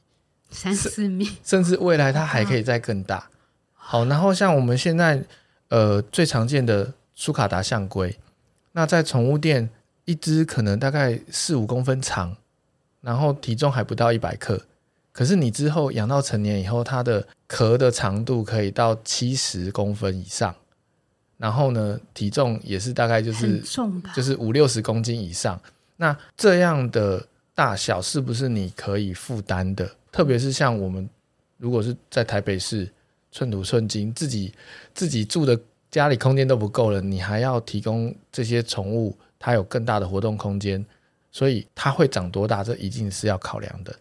三四米甚，甚至未來它還可以再更大。好，然後像我們現在呃最常見的蘇卡達象龜，那在寵物店一隻可能大概四五公分長，然後體重還不到一百克。可是你之後養到成年以後，它的殼的長度可以到七十公分以上，然後呢，體重也是大概就是就是五六十公斤以上。那這樣的大小是不是你可以負擔的？特別是像我們如果是在台北市寸土寸金，自己自己住的家裡空間都不夠了，你還要提供這些寵物它有更大的活動空間，所以它會長多大？這一定是要考量的。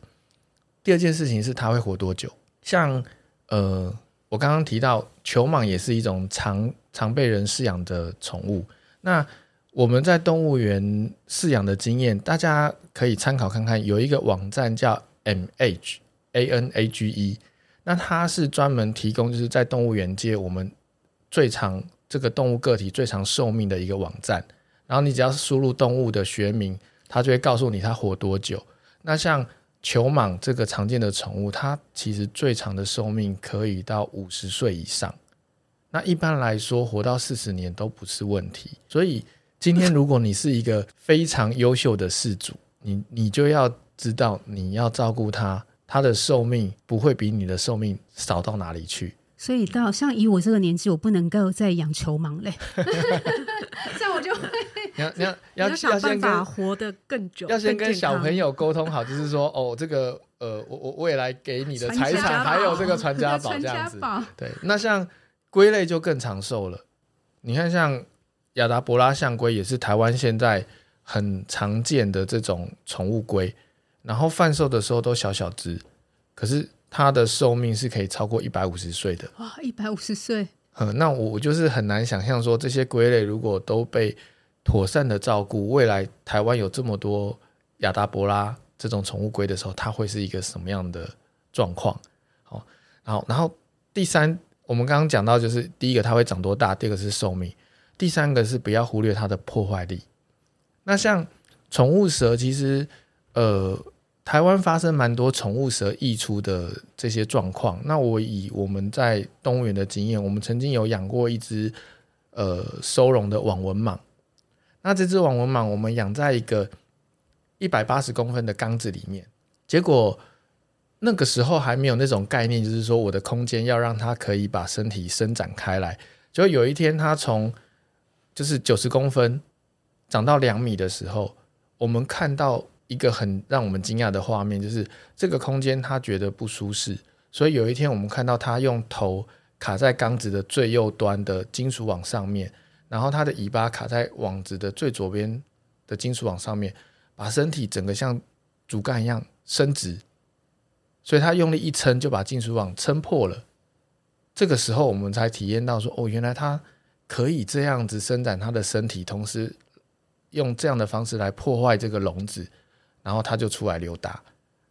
第二件事情是它會活多久？像，呃，我剛剛提到球蟒也是一種常常被人飼養的寵物。那我們在動物園飼養的經驗，大家可以參考看看。有一個網站叫 MH A N A G E，那它是專門提供就是在動物園界我們最長這個動物個體最長壽命的一個網站。然後你只要輸入動物的學名，它就會告訴你它活多久。那像。球蟒這個常見的寵物，它其實最長的壽命可以到五十歲以上。那一般來說，活到四十年都不是問題。所以今天如果你是一個非常優秀的飼主，你你就要知道，你要照顧它，它的壽命不會比你的壽命少到哪裡去。所以到像以我這個年紀，我不能夠再養球蟒嘞。 [LAUGHS] [LAUGHS] 這樣我就。你要你要想辦法要先跟活得更久，更要先跟小朋友溝通好， [LAUGHS] 就是說哦，這個呃，我我未來給你的財產還有這個傳家寶這樣子。對，那像龜類就更長壽了。你看，像亞達伯拉象龜也是台灣現在很常見的這種寵物龜，然後販售的時候都小小隻，可是它的壽命是可以超過一百五十歲的。哇，一百五十歲！嗯，那我就是很難想象說這些龜類如果都被妥善的照顧。未來台灣有這麼多亞達伯拉這種寵物龜的時候，它會是一個什麼樣的狀況？好，然後，然後第三，我們剛剛講到，就是第一個它會長多大，第二個是壽命，第三個是不要忽略它的破壞力。那像寵物蛇，其實呃，台灣發生蠻多寵物蛇溢出的這些狀況。那我以我們在動物園的經驗，我們曾經有養過一隻呃收容的網紋蟒。那這隻網紋蟒，我們養在一個一百八十公分的缸子裡面，結果那個時候還沒有那種概念，就是說我的空間要讓它可以把身體伸展開來。就有一天，它從就是九十公分長到兩米的時候，我們看到一個很讓我們驚訝的畫面，就是這個空間它覺得不舒適，所以有一天我們看到它用頭卡在缸子的最右端的金屬網上面。然後它的尾巴卡在網子的最左邊的金屬網上面，把身體整個像竹竿一樣伸直，所以它用力一撐就把金屬網撐破了。這個時候我們才體驗到說，哦，原來它可以這樣子伸展它的身體，同時用這樣的方式來破壞這個籠子，然後它就出來溜達。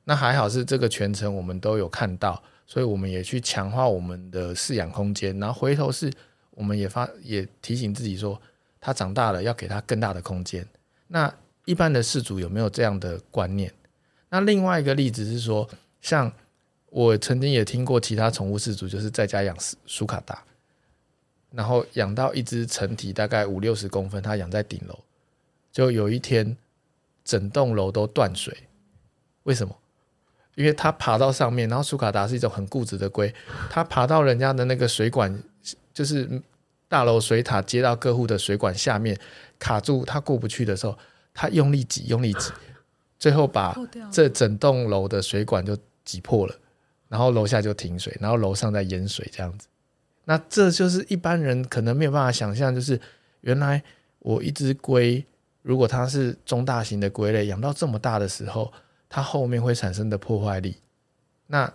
那還好是這個全程我們都有看到，所以我們也去強化我們的飼養空間，然後回頭是。我們也發也提醒自己說，他長大了要給他更大的空間。那一般的飼主，有沒有這樣的觀念？那另外一個例子是說，像我曾經也聽過其他寵物飼主，就是在家養蘇卡達，然後養到一隻成體大概五六十公分，他養在頂樓，就有一天整棟樓都斷水，為什麼？因為他爬到上面，然後蘇卡達是一種很固執的龜，它爬到人家的那個水管。就是大樓水塔接到各戶的水管下面卡住，它過不去的時候，它用力擠，用力擠，最後把這整棟樓的水管就擠破了，然後樓下就停水，然後樓上在淹水這樣子。那這就是一般人可能沒有辦法想象，就是原來我一隻龜，如果它是中大型的龜類，養到這麼大的時候，它後面會產生的破壞力，那。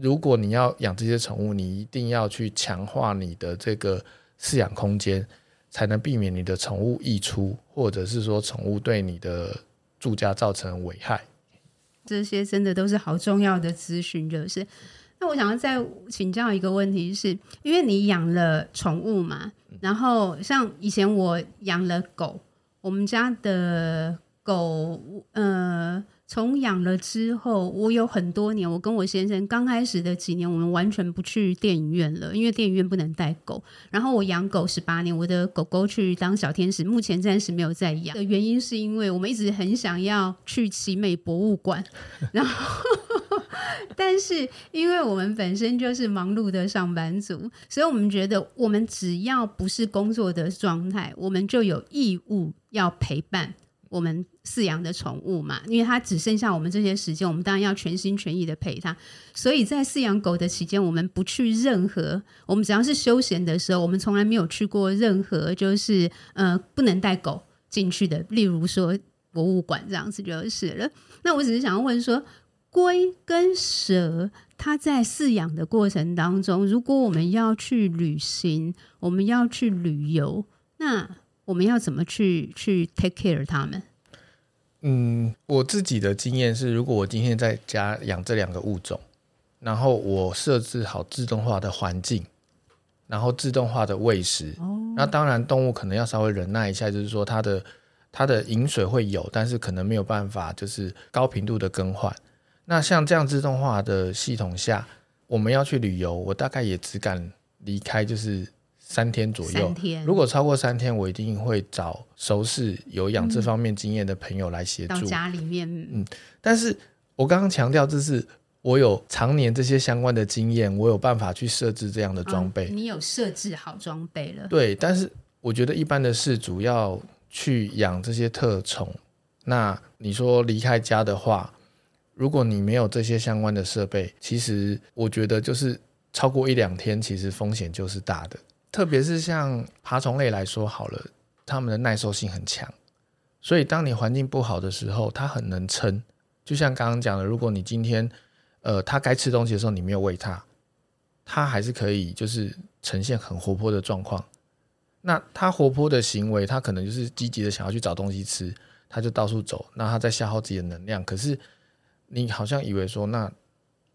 如果你要養這些寵物，你一定要去強化你的這個飼養空間，才能避免你的寵物溢出，或者是說寵物對你的住家造成危害。這些真的都是好重要的資訊，就是，那我想要再請教一個問題是，是因為你養了寵物嘛？然後像以前我養了狗，我們家的狗，嗯、呃。從養了之後，我有很多年，我跟我先生剛開始的幾年，我們完全不去電影院了，因為電影院不能帶狗。然後我養狗十八年，我的狗狗去當小天使，目前暫時沒有在養。的原因是因為我們一直很想要去奇美博物館，然後， [LAUGHS] [LAUGHS] 但是因為我們本身就是忙碌的上班族，所以我們覺得我們只要不是工作的狀態，我們就有義務要陪伴我們。飼養的寵物嘛，因為它只剩下我們這些時間，我們當然要全心全意的陪它。所以在飼養狗的期間，我們不去任何，我們只要是休閒的時候，我們從來沒有去過任何，就是呃不能帶狗進去的，例如說博物館這樣子就是了。那我只是想要問說，龜跟蛇，它在飼養的過程當中，如果我們要去旅行，我們要去旅遊，那我們要怎麼去去 take care 它們？嗯，我自己的經驗是，如果我今天在家養這兩個物種，然後我設置好自動化的環境，然後自動化的餵食，哦，那當然動物可能要稍微忍耐一下，就是說它的它的飲水會有，但是可能沒有辦法就是高頻度的更換。那像這樣自動化的系統下，我們要去旅遊，我大概也只敢離開，就是。三天左右，三天。如果超過三天，我一定會找熟識有養這方面經驗的朋友來協助、嗯、家裡面。嗯，但是我剛剛強調，這是我有常年這些相關的經驗，我有辦法去設置這樣的裝備。哦、你有設置好裝備了？對，但是我覺得一般的飼主要去養這些特寵，那你說離開家的話，如果你沒有這些相關的設備，其實我覺得就是超過一兩天，其實風險就是大的。特別是像爬蟲類來說，好了，它們的耐受性很強，所以當你環境不好的時候，它很能撐。就像剛剛講的，如果你今天，呃，它該吃東西的時候你沒有餵它，它還是可以就是呈現很活潑的狀況。那它活潑的行為，它可能就是積極的想要去找東西吃，它就到處走，那它在消耗自己的能量。可是你好像以為說，那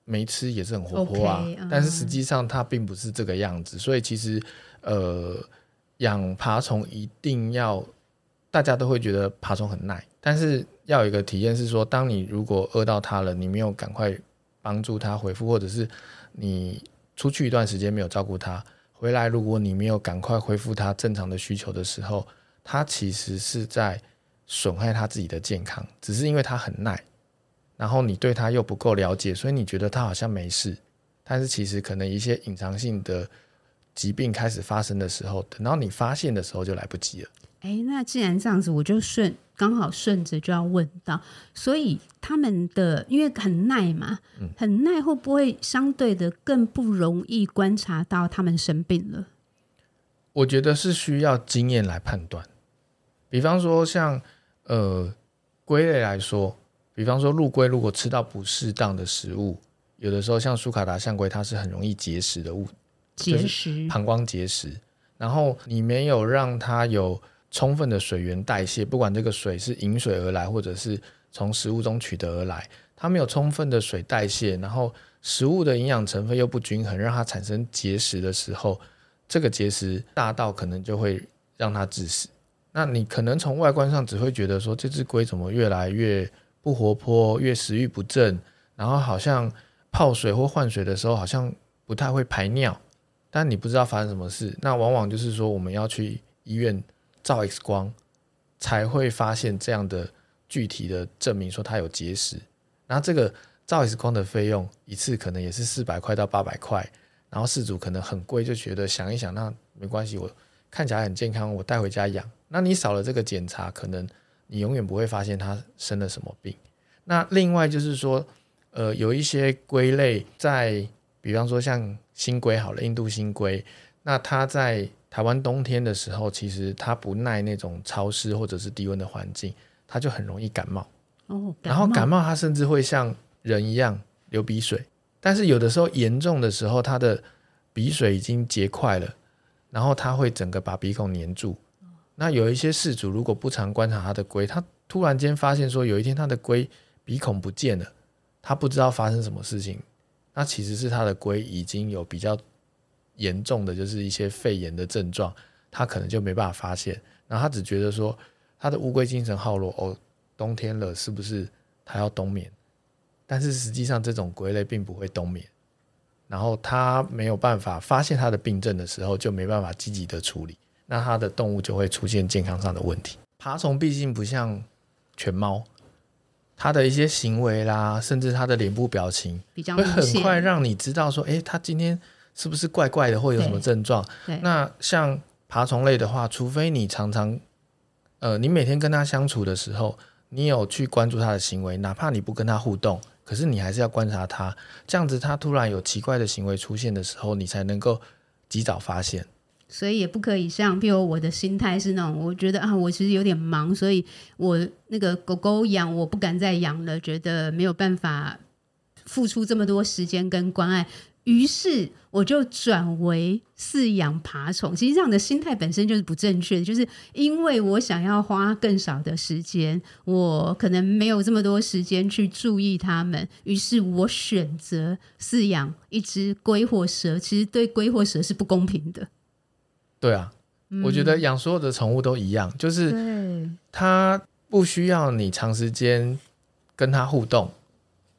沒吃也是很活潑啊，okay, um，但是實際上它並不是這個樣子。所以其實。呃，養爬蟲一定要，大家都會覺得爬蟲很耐，但是要有一個體驗是說，當你如果餓到它了，你沒有趕快幫助它恢復，或者是你出去一段時間沒有照顧它，回來如果你沒有趕快恢復它正常的需求的時候，它其實是在損害它自己的健康，只是因為它很耐，然後你對它又不夠了解，所以你覺得它好像沒事，但是其實可能一些隱藏性的。疾病開始發生的時候，等到你發現的時候就來不及了。哎，那既然這樣子，我就順剛好順着就要問到，所以他們的，因為很耐嘛，嗯、很耐會不會相對的更不容易觀察到他們生病了？我覺得是需要經驗來判斷。比方說像，像呃龜類來說，比方說陸龜，如果吃到不適當的食物，有的時候像蘇卡達象龜，它是很容易結石的物。結石、膀胱結石，然後你沒有讓它有充分的水源代謝，不管這個水是飲水而來，或者是從食物中取得而來，它沒有充分的水代謝，然後食物的營養成分又不均衡，讓它產生結石的時候，這個結石大到可能就會讓它致死。那你可能從外觀上只會覺得說，這隻龜怎麼越來越不活潑，越食慾不振，然後好像泡水或換水的時候，好像不太會排尿。但你不知道發生什麼事，那往往就是說，我們要去醫院照 X 光，才會發現這樣的具體的證明說它有結石。那這個照 X 光的費用一次可能也是四百塊到八百塊，然後飼主可能很貴就覺得想一想，那沒關係，我看起來很健康，我帶回家養。那你少了這個檢查，可能你永遠不會發現它生了什麼病。那另外就是說，呃，有一些龜類在。比方說，像星龜好了，印度星龜。那它在台灣冬天的時候，其實它不耐那種潮濕或者是低溫的環境，它就很容易感冒。哦、感冒。然後感冒它甚至會像人一樣流鼻水，但是有的時候嚴重的時候，它的鼻水已經結塊了，然後它會整個把鼻孔黏住。那有一些飼主如果不常觀察他的龜，他突然間發現說有一天他的龜鼻孔不見了，他不知道發生什麼事情。那其實是它的龜已經有比較嚴重的，就是一些肺炎的症狀，它可能就沒辦法發現，然後它只覺得說，它的烏龜精神耗弱哦，冬天了是不是它要冬眠？但是實際上這種龜類並不會冬眠，然後它沒有辦法發現它的病症的時候，就沒辦法積極的處理，那它的動物就會出現健康上的問題。爬蟲畢竟不像犬貓。他的一些行為啦，甚至他的臉部表情，比較明顯，會很快讓你知道說，誒、欸，他今天是不是怪怪的，或有什麼症狀？那像爬蟲類的話，除非你常常，呃，你每天跟他相處的時候，你有去關注他的行為，哪怕你不跟他互動，可是你還是要觀察他，這樣子，他突然有奇怪的行為出現的時候，你才能夠及早發現。所以也不可以像，譬如我的心態是那種，我覺得啊，我其實有點忙，所以我那個狗狗養我不敢再養了，覺得沒有辦法付出這麼多時間跟關愛，於是我就轉為飼養爬蟲。其實這樣的心態本身就是不正確的，就是因為我想要花更少的時間，我可能沒有這麼多時間去注意它們，於是我選擇飼養一隻龜或蛇。其實對龜或蛇是不公平的。對啊，嗯，我覺得養所有的寵物都一樣，就是它不需要你長時間跟它互動，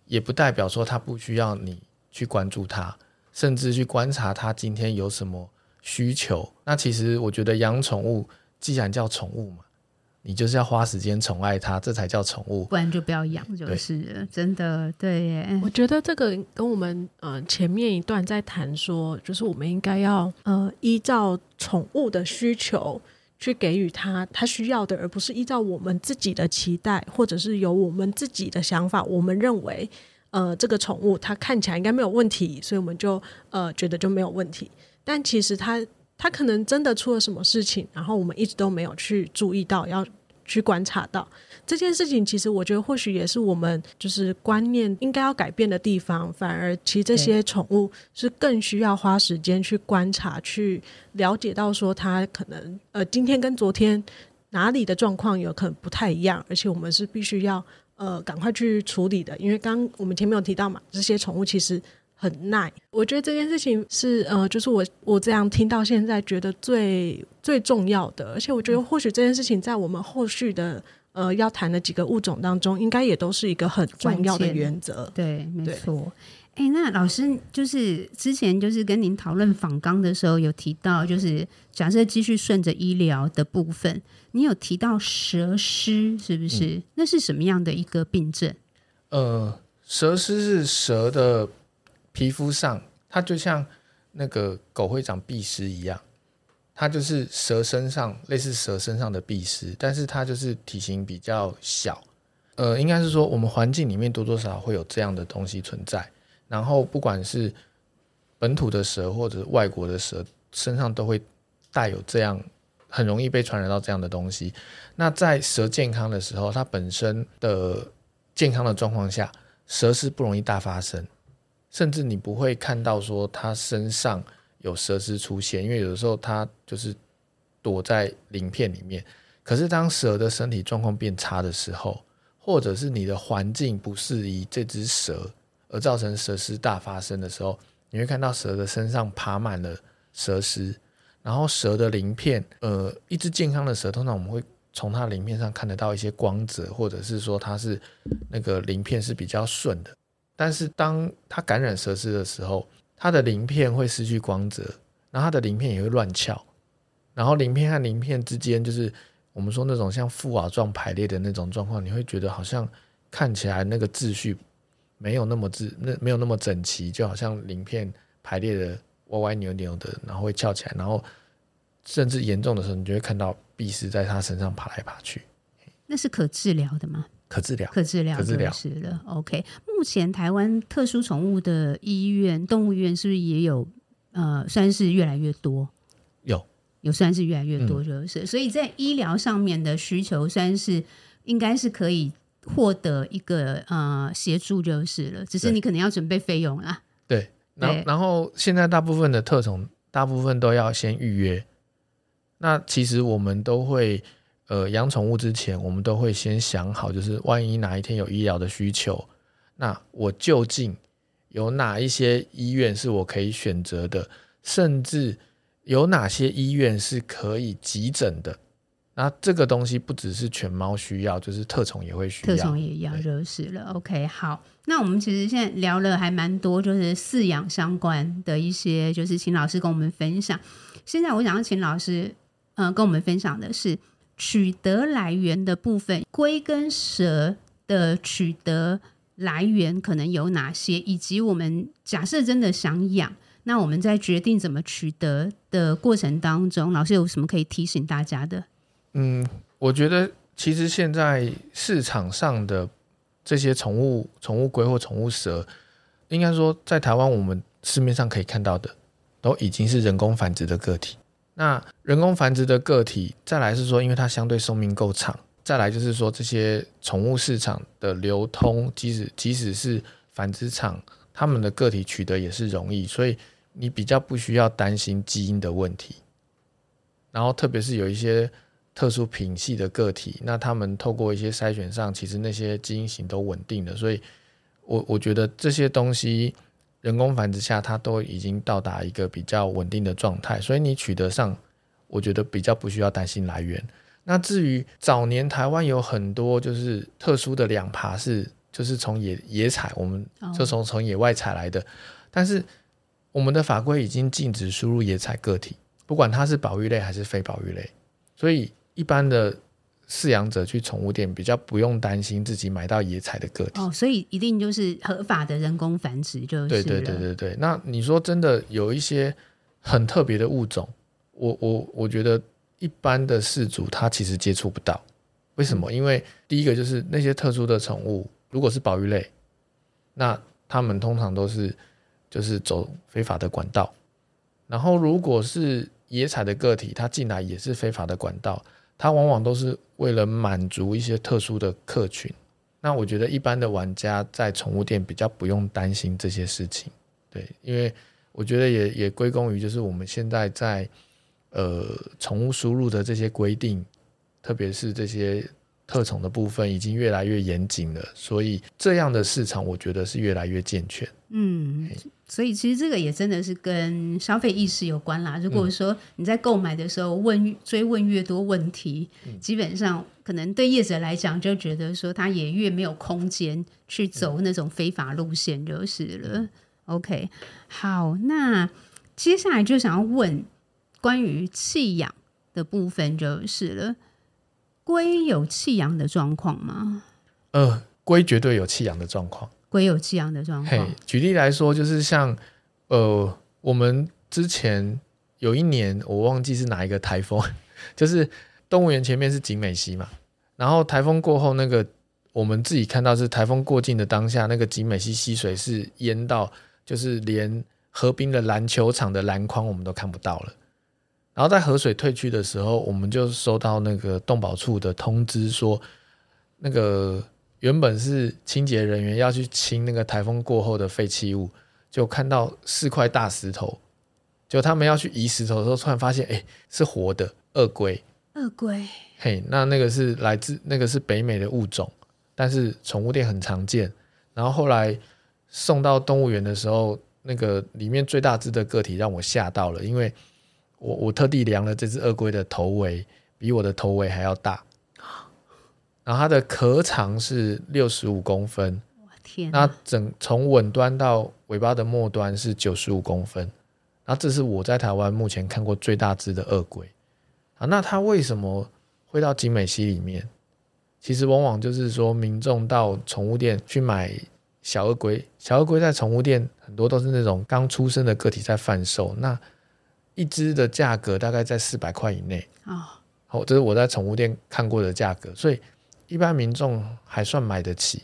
也不代表說它不需要你去關注它，甚至去觀察它今天有什麼需求。那其實我覺得養寵物，既然叫寵物嘛。你就是要花時間寵愛它，這才叫寵物，不然就不要養，就是對真的。對耶，我覺得這個跟我們呃前面一段在談說，就是我們應該要呃依照寵物的需求去給予它它需要的，而不是依照我們自己的期待，或者是有我們自己的想法，我們認為呃這個寵物它看起來應該沒有問題，所以我們就呃覺得就沒有問題，但其實它它可能真的出了什麼事情，然後我們一直都沒有去注意到要。去觀察到這件事情，其實我覺得或許也是我們就是觀念應該要改變的地方。反而，其實這些寵物是更需要花時間去觀察，去了解到說它可能呃今天跟昨天哪裡的狀況有可能不太一樣，而且我們是必須要呃趕快去處理的，因為剛剛我們前面有提到嘛，這些寵物其實，很耐，我覺得這件事情是呃，就是我我這樣聽到現在覺得最最重要的，而且我覺得或許這件事情在我們後續的呃要談的幾個物種當中，應該也都是一個很重要的原則。對，沒錯。哎對、欸,那老師就是之前就是跟您討論訪缸的時候有提到，就是假設繼續順着醫療的部分，你有提到蛇蝨是不是？嗯、那是什麼樣的一個病症？呃，蛇蝨是蛇的。皮膚上，它就像那個狗會長壁蝨一樣，它就是蛇身上類似蛇身上的壁蝨，但是它就是體型比較小。呃，應該是說我們環境裡面多多少少會有這樣的東西存在，然後不管是本土的蛇或者是外國的蛇身上都會帶有這樣，很容易被傳染到這樣的東西。那在蛇健康的時候，它本身的健康的狀況下，蛇是不容易大發生。甚至你不會看到說它身上有蛇蝨出現，因為有的時候它就是躲在鱗片裡面。可是當蛇的身體狀況變差的時候，或者是你的環境不適宜這隻蛇，而造成蛇蝨大發生的時候，你會看到蛇的身上爬滿了蛇蝨，然後蛇的鱗片，呃，一隻健康的蛇通常我們會從它的鱗片上看得到一些光澤，或者是說它是那個鱗片是比較順的。但是當它感染蛇蝨的時候，它的鱗片會失去光澤，然後它的鱗片也會亂翹，然後鱗片和鱗片之間就是我們說那種像覆瓦狀排列的那種狀況，你會覺得好像看起來那個秩序沒有那麼治，那沒有那麼整齊，就好像鱗片排列的歪歪扭扭扭的，然後會翹起來，然後甚至嚴重的時候，你就會看到壁蝨在它身上爬來爬去。那是可治療的嗎？可治療，可治療，可治療，是的。OK，目前台灣特殊寵物的醫院、動物醫院是不是也有？呃，算是越來越多，有，有算是越來越多，就是。嗯，所以在醫療上面的需求，算是應該是可以獲得一個呃協助，就是了。只是你可能要準備費用啦。對，對對然後然後現在大部分的特寵，大部分都要先預約。那其實我們都會。呃，養寵物之前，我們都會先想好，就是萬一哪一天有醫療的需求，那我究竟有哪一些醫院是我可以選擇的，甚至有哪些醫院是可以急診的。那這個東西不只是犬貓需要，就是特寵也會需要。特寵也一樣，對就是了。OK，好，那我們其實現在聊了還蠻多，就是飼養相關的一些，就是請老師跟我們分享。現在我想要請老師，嗯、呃，跟我們分享的是取得來源的部分，龜跟蛇的取得來源可能有哪些？以及我們假設真的想養，那我們在決定怎麼取得的過程當中，老師有什麼可以提醒大家的？嗯，我覺得其實現在市場上的這些寵物、寵物龜或寵物蛇，應該說在台灣我們市面上可以看到的，都已經是人工繁殖的個體。那人工繁殖的個體，再來是說，因為它相對壽命夠長，再來就是說，這些寵物市場的流通，即使即使是繁殖場，他們的個體取得也是容易，所以你比較不需要擔心基因的問題。然後，特別是有一些特殊品系的個體，那他們透過一些篩選上，其實那些基因型都穩定的，所以我我覺得這些東西。人工繁殖下，它都已經到達一個比較穩定的狀態，所以你取得上，我覺得比較不需要擔心來源。那至於早年台灣有很多就是特殊的兩爬是，就是從野野採，我們就從從野外採來的，哦。但是我們的法規已經禁止輸入野採個體，不管它是保育類還是非保育類，所以一般的。飼養者去寵物店比較不用擔心自己買到野採的個體哦，所以一定就是合法的人工繁殖，就是對對對對對。那你說真的有一些很特別的物種，我我我覺得一般的飼主他其實接觸不到，為什麼？嗯，因為第一個就是那些特殊的寵物，如果是保育類，那他們通常都是就是走非法的管道，然後如果是野採的個體，它進來也是非法的管道。它往往都是為了滿足一些特殊的客群，那我覺得一般的玩家在寵物店比較不用擔心這些事情，對，因為我覺得也也歸功於就是我們現在在，呃，寵物輸入的這些規定，特別是這些。特寵的部分已經越來越嚴謹了，所以這樣的市場我覺得是越來越健全。嗯，所以其實這個也真的是跟消費意識有關啦。如果說你在購買的時候問、嗯、追問越多問題，基本上可能對業者來講就覺得說他也越沒有空間去走那種非法路線，就是了。嗯、OK，好，那接下來就想要問關於棄養的部分就是了。龜有棄養的狀況嗎？呃，龜絕對有棄養的狀況。龜有棄養的狀況。Hey, 舉例來說，就是像呃，我們之前有一年，我忘記是哪一個台風，就是動物園前面是景美溪嘛。然後台風過後，那個我們自己看到是台風過境的當下，那個景美溪溪水是淹到，就是連河濱的籃球場的籃筐我們都看不到了。然後在河水退去的時候，我們就收到那個動保處的通知說，說那個原本是清潔人員要去清那個台風過後的廢棄物，就看到四塊大石頭，就他們要去移石頭的時候，突然發現，哎，是活的鱷龜。鱷龜，鱷龜嘿，那那個是來自那個是北美的物種，但是寵物店很常見。然後後來送到動物園的時候，那個裡面最大隻的個體讓我嚇到了，因為。我我特地量了這隻鱷龜的頭圍，比我的頭圍還要大。然後它的殼長是六十五公分，哇天哪！那整從吻端到尾巴的末端是九十五公分，那這是我在台灣目前看過最大隻的鱷龜啊！那它為什麼會到景美溪裡面？其實往往就是說，民眾到寵物店去買小鱷龜，小鱷龜在寵物店很多都是那種剛出生的個體在販售，那一隻的價格大概在四百塊以內，好，哦、這是我在寵物店看過的價格，所以一般民眾還算買得起。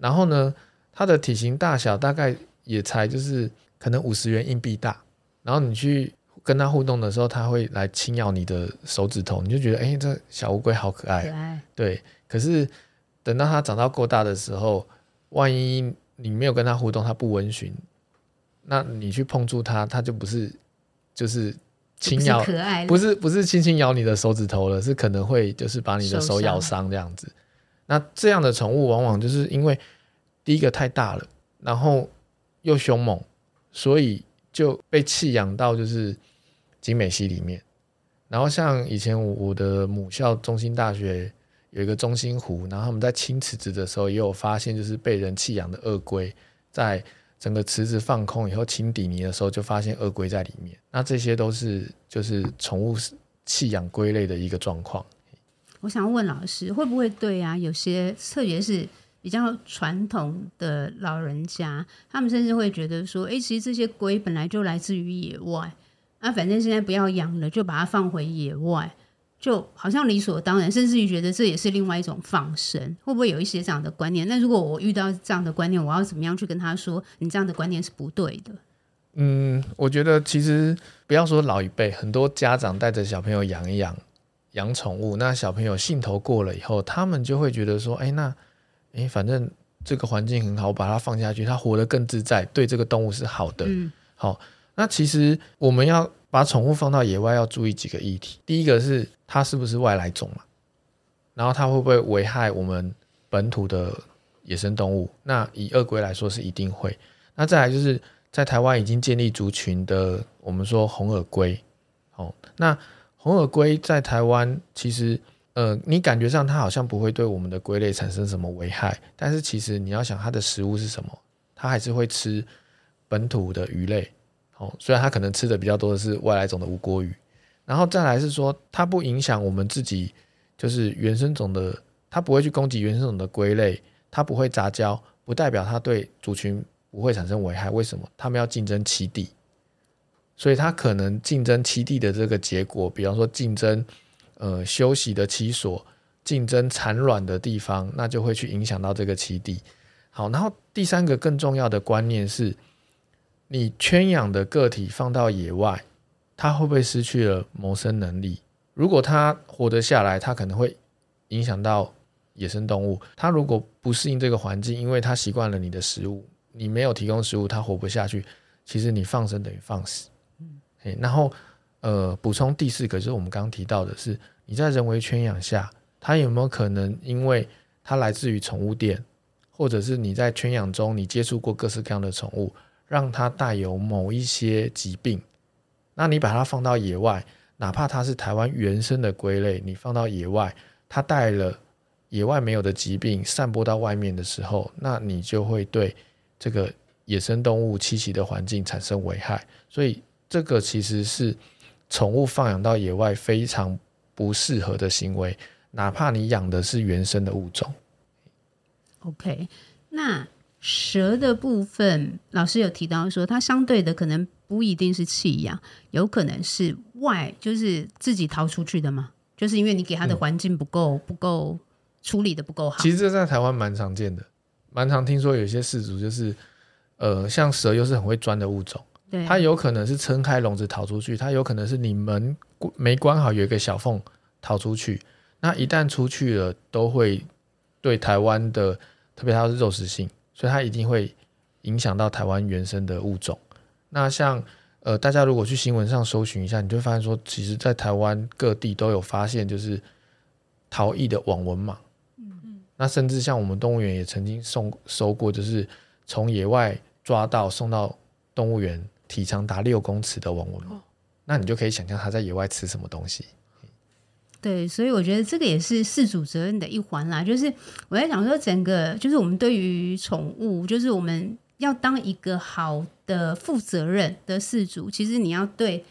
然後呢，它的體型大小大概也才就是可能五十元硬幣大。然後你去跟它互動的時候，它會來輕咬你的手指頭，你就覺得哎、欸，這小烏龜好可愛、啊。可愛。對。可是等到它長到夠大的時候，萬一你沒有跟它互動，它不溫馴，那你去碰觸它，它就不是。就是輕咬，不是不是，不是輕輕咬你的手指頭了，是可能會就是把你的手咬傷這樣子。傷那這樣的寵物往往就是因為第一個太大了，然後又兇猛，所以就被棄養到就是景美溪裡面。然後像以前我我的母校中興大學有一個中興湖，然後他們在清池子的時候也有發現，就是被人棄養的鱷龜在整個池子放空以後清底泥的時候，就發現鱷龜在裡面。那這些都是就是寵物棄養龜類的一個狀況。我想問老師，會不會對啊？有些特別是比較傳統的老人家，他們甚至會覺得說，哎，其實這些龜本來就來自於野外，那、啊、反正現在不要養了，就把它放回野外。就好像理所當然，甚至於覺得這也是另外一種放生，會不會有一些這樣的觀念？那如果我遇到這樣的觀念，我要怎麼樣去跟他說？你這樣的觀念是不對的。嗯，我覺得其實不要說老一輩，很多家長帶着小朋友養一養養寵物，那小朋友興頭過了以後，他們就會覺得說：“哎，那誒，反正這個環境很好，我把它放下去，它活得更自在，對這個動物是好的。”嗯，好，那其實我們要。把寵物放到野外要注意幾個議題。第一個是它是不是外來種嘛、啊，然後它會不會危害我們本土的野生動物？那以鱷龜來說是一定會。那再來就是在台灣已經建立族群的，我們說紅耳龜，哦，那紅耳龜在台灣其實，呃，你感覺上它好像不會對我們的龜類產生什麼危害，但是其實你要想它的食物是什麼，它還是會吃本土的魚類。哦，雖然它可能吃的比較多的是外來種的吳郭魚，然後再來是說它不影響我們自己，就是原生種的，它不會去攻擊原生種的龜類，它不會雜交，不代表它對族群不會產生危害。為什麼？它們要競爭棲地，所以它可能競爭棲地的這個結果，比方說競爭呃休息的棲所，競爭產卵的地方，那就會去影響到這個棲地。好，然後第三個更重要的觀念是。你圈養的個體放到野外，它會不會失去了謀生能力？如果它活得下來，它可能會影響到野生動物。它如果不適應這個環境，因為它習慣了你的食物，你沒有提供食物，它活不下去。其實你放生等於放死。嗯，誒，然後呃，補充第四個，就是我們剛剛提到的是你在人為圈養下，它有沒有可能因為它來自於寵物店，或者是你在圈養中你接觸過各式各樣的寵物？讓它帶有某一些疾病，那你把它放到野外，哪怕它是台灣原生的龜類，你放到野外，它帶了野外沒有的疾病，散播到外面的時候，那你就會對這個野生動物棲息的環境產生危害。所以這個其實是寵物放養到野外非常不適合的行為，哪怕你養的是原生的物種。OK，那。蛇的部分，老師有提到說，它相對的可能不一定是棄養，有可能是外，就是自己逃出去的嘛。就是因為你給它的環境不夠，嗯、不夠處理的不夠好。其實，這在台灣蠻常見的，蠻常聽說有一些氏族就是，呃，像蛇又是很會鑽的物種，對啊、它有可能是撐開籠子逃出去，它有可能是你門沒關好，有一個小縫逃出去。那一旦出去了，都會對台灣的，特別它是肉食性。所以它一定會影響到台灣原生的物種。那像呃，大家如果去新聞上搜尋一下，你就會發現說，其實在台灣各地都有發現，就是逃逸的網紋蟒。嗯嗯哼。那甚至像我們動物園也曾經送收過，就是從野外抓到送到動物園，體長達六公尺的網紋蟒哦。那你就可以想象它在野外吃什麼東西。對，所以我覺得這個也是飼主責任的一環啦。就是我在想說，整個就是我們對於寵物，就是我們要當一個好的、負責任的飼主，其實你要對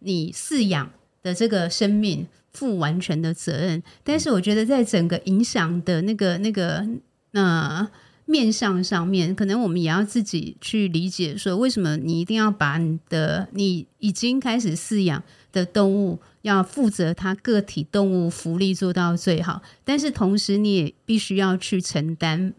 你飼養的這個生命負完全的責任。但是我覺得，在整個影響的那個、那個那、呃、面向上面，可能我們也要自己去理解，說為什麼你一定要把你的你已經開始飼養。的動物，要負責它，個體動物福利做到最好，但是同時你也必須要去承擔，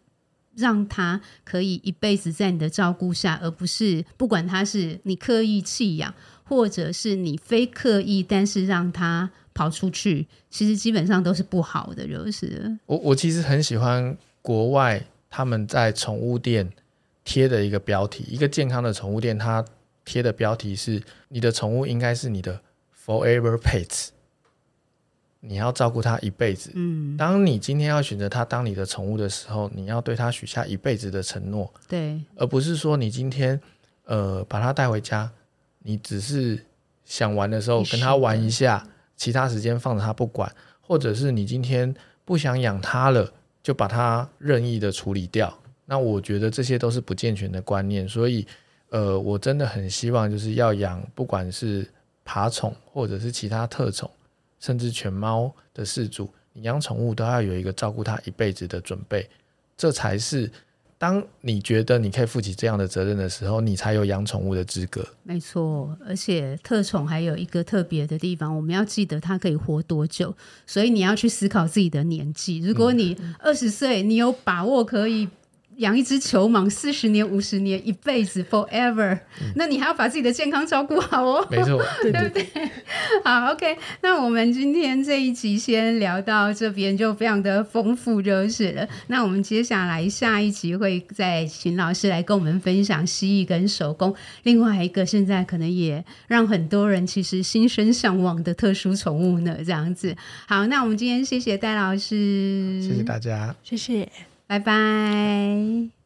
讓它可以一輩子在你的照顧下，而不是不管它是你刻意棄養，或者是你非刻意但是讓它跑出去，其實基本上都是不好的，就是。我我其實很喜歡國外他們在寵物店貼的一個標題，一個健康的寵物店它貼的標題是：你的寵物應該是你的。Forever pets，你要照顧它一輩子。嗯，當你今天要選擇它當你的寵物的時候，你要對它許下一輩子的承諾。對，而不是說你今天呃把它帶回家，你只是想玩的時候跟它玩一下，嗯，其他時間放着它不管，或者是你今天不想養它了，就把它任意的處理掉。那我覺得這些都是不健全的觀念，所以呃，我真的很希望就是要養，不管是。爬寵或者是其他特寵，甚至犬貓的飼主，你養寵物都要有一個照顧它一輩子的準備，這才是當你覺得你可以負起這樣的責任的時候，你才有養寵物的資格。沒錯，而且特寵還有一個特別的地方，我們要記得它可以活多久，所以你要去思考自己的年紀。如果你二十歲，你有把握可以。養一只球蟒四十年、五十年、一輩子，forever。嗯、那你還要把自己的健康照顧好哦。沒錯，對不對,對。 [LAUGHS] 好，OK。那我們今天這一集先聊到這邊，就非常的豐富，就是了。嗯、那我們接下來下一集會再請老師來跟我們分享蜥蜴跟守宮。另外一個現在可能也讓很多人其實心生向往的特殊寵物呢，這樣子。好，那我們今天謝謝戴老師，謝謝大家，謝謝。拜拜。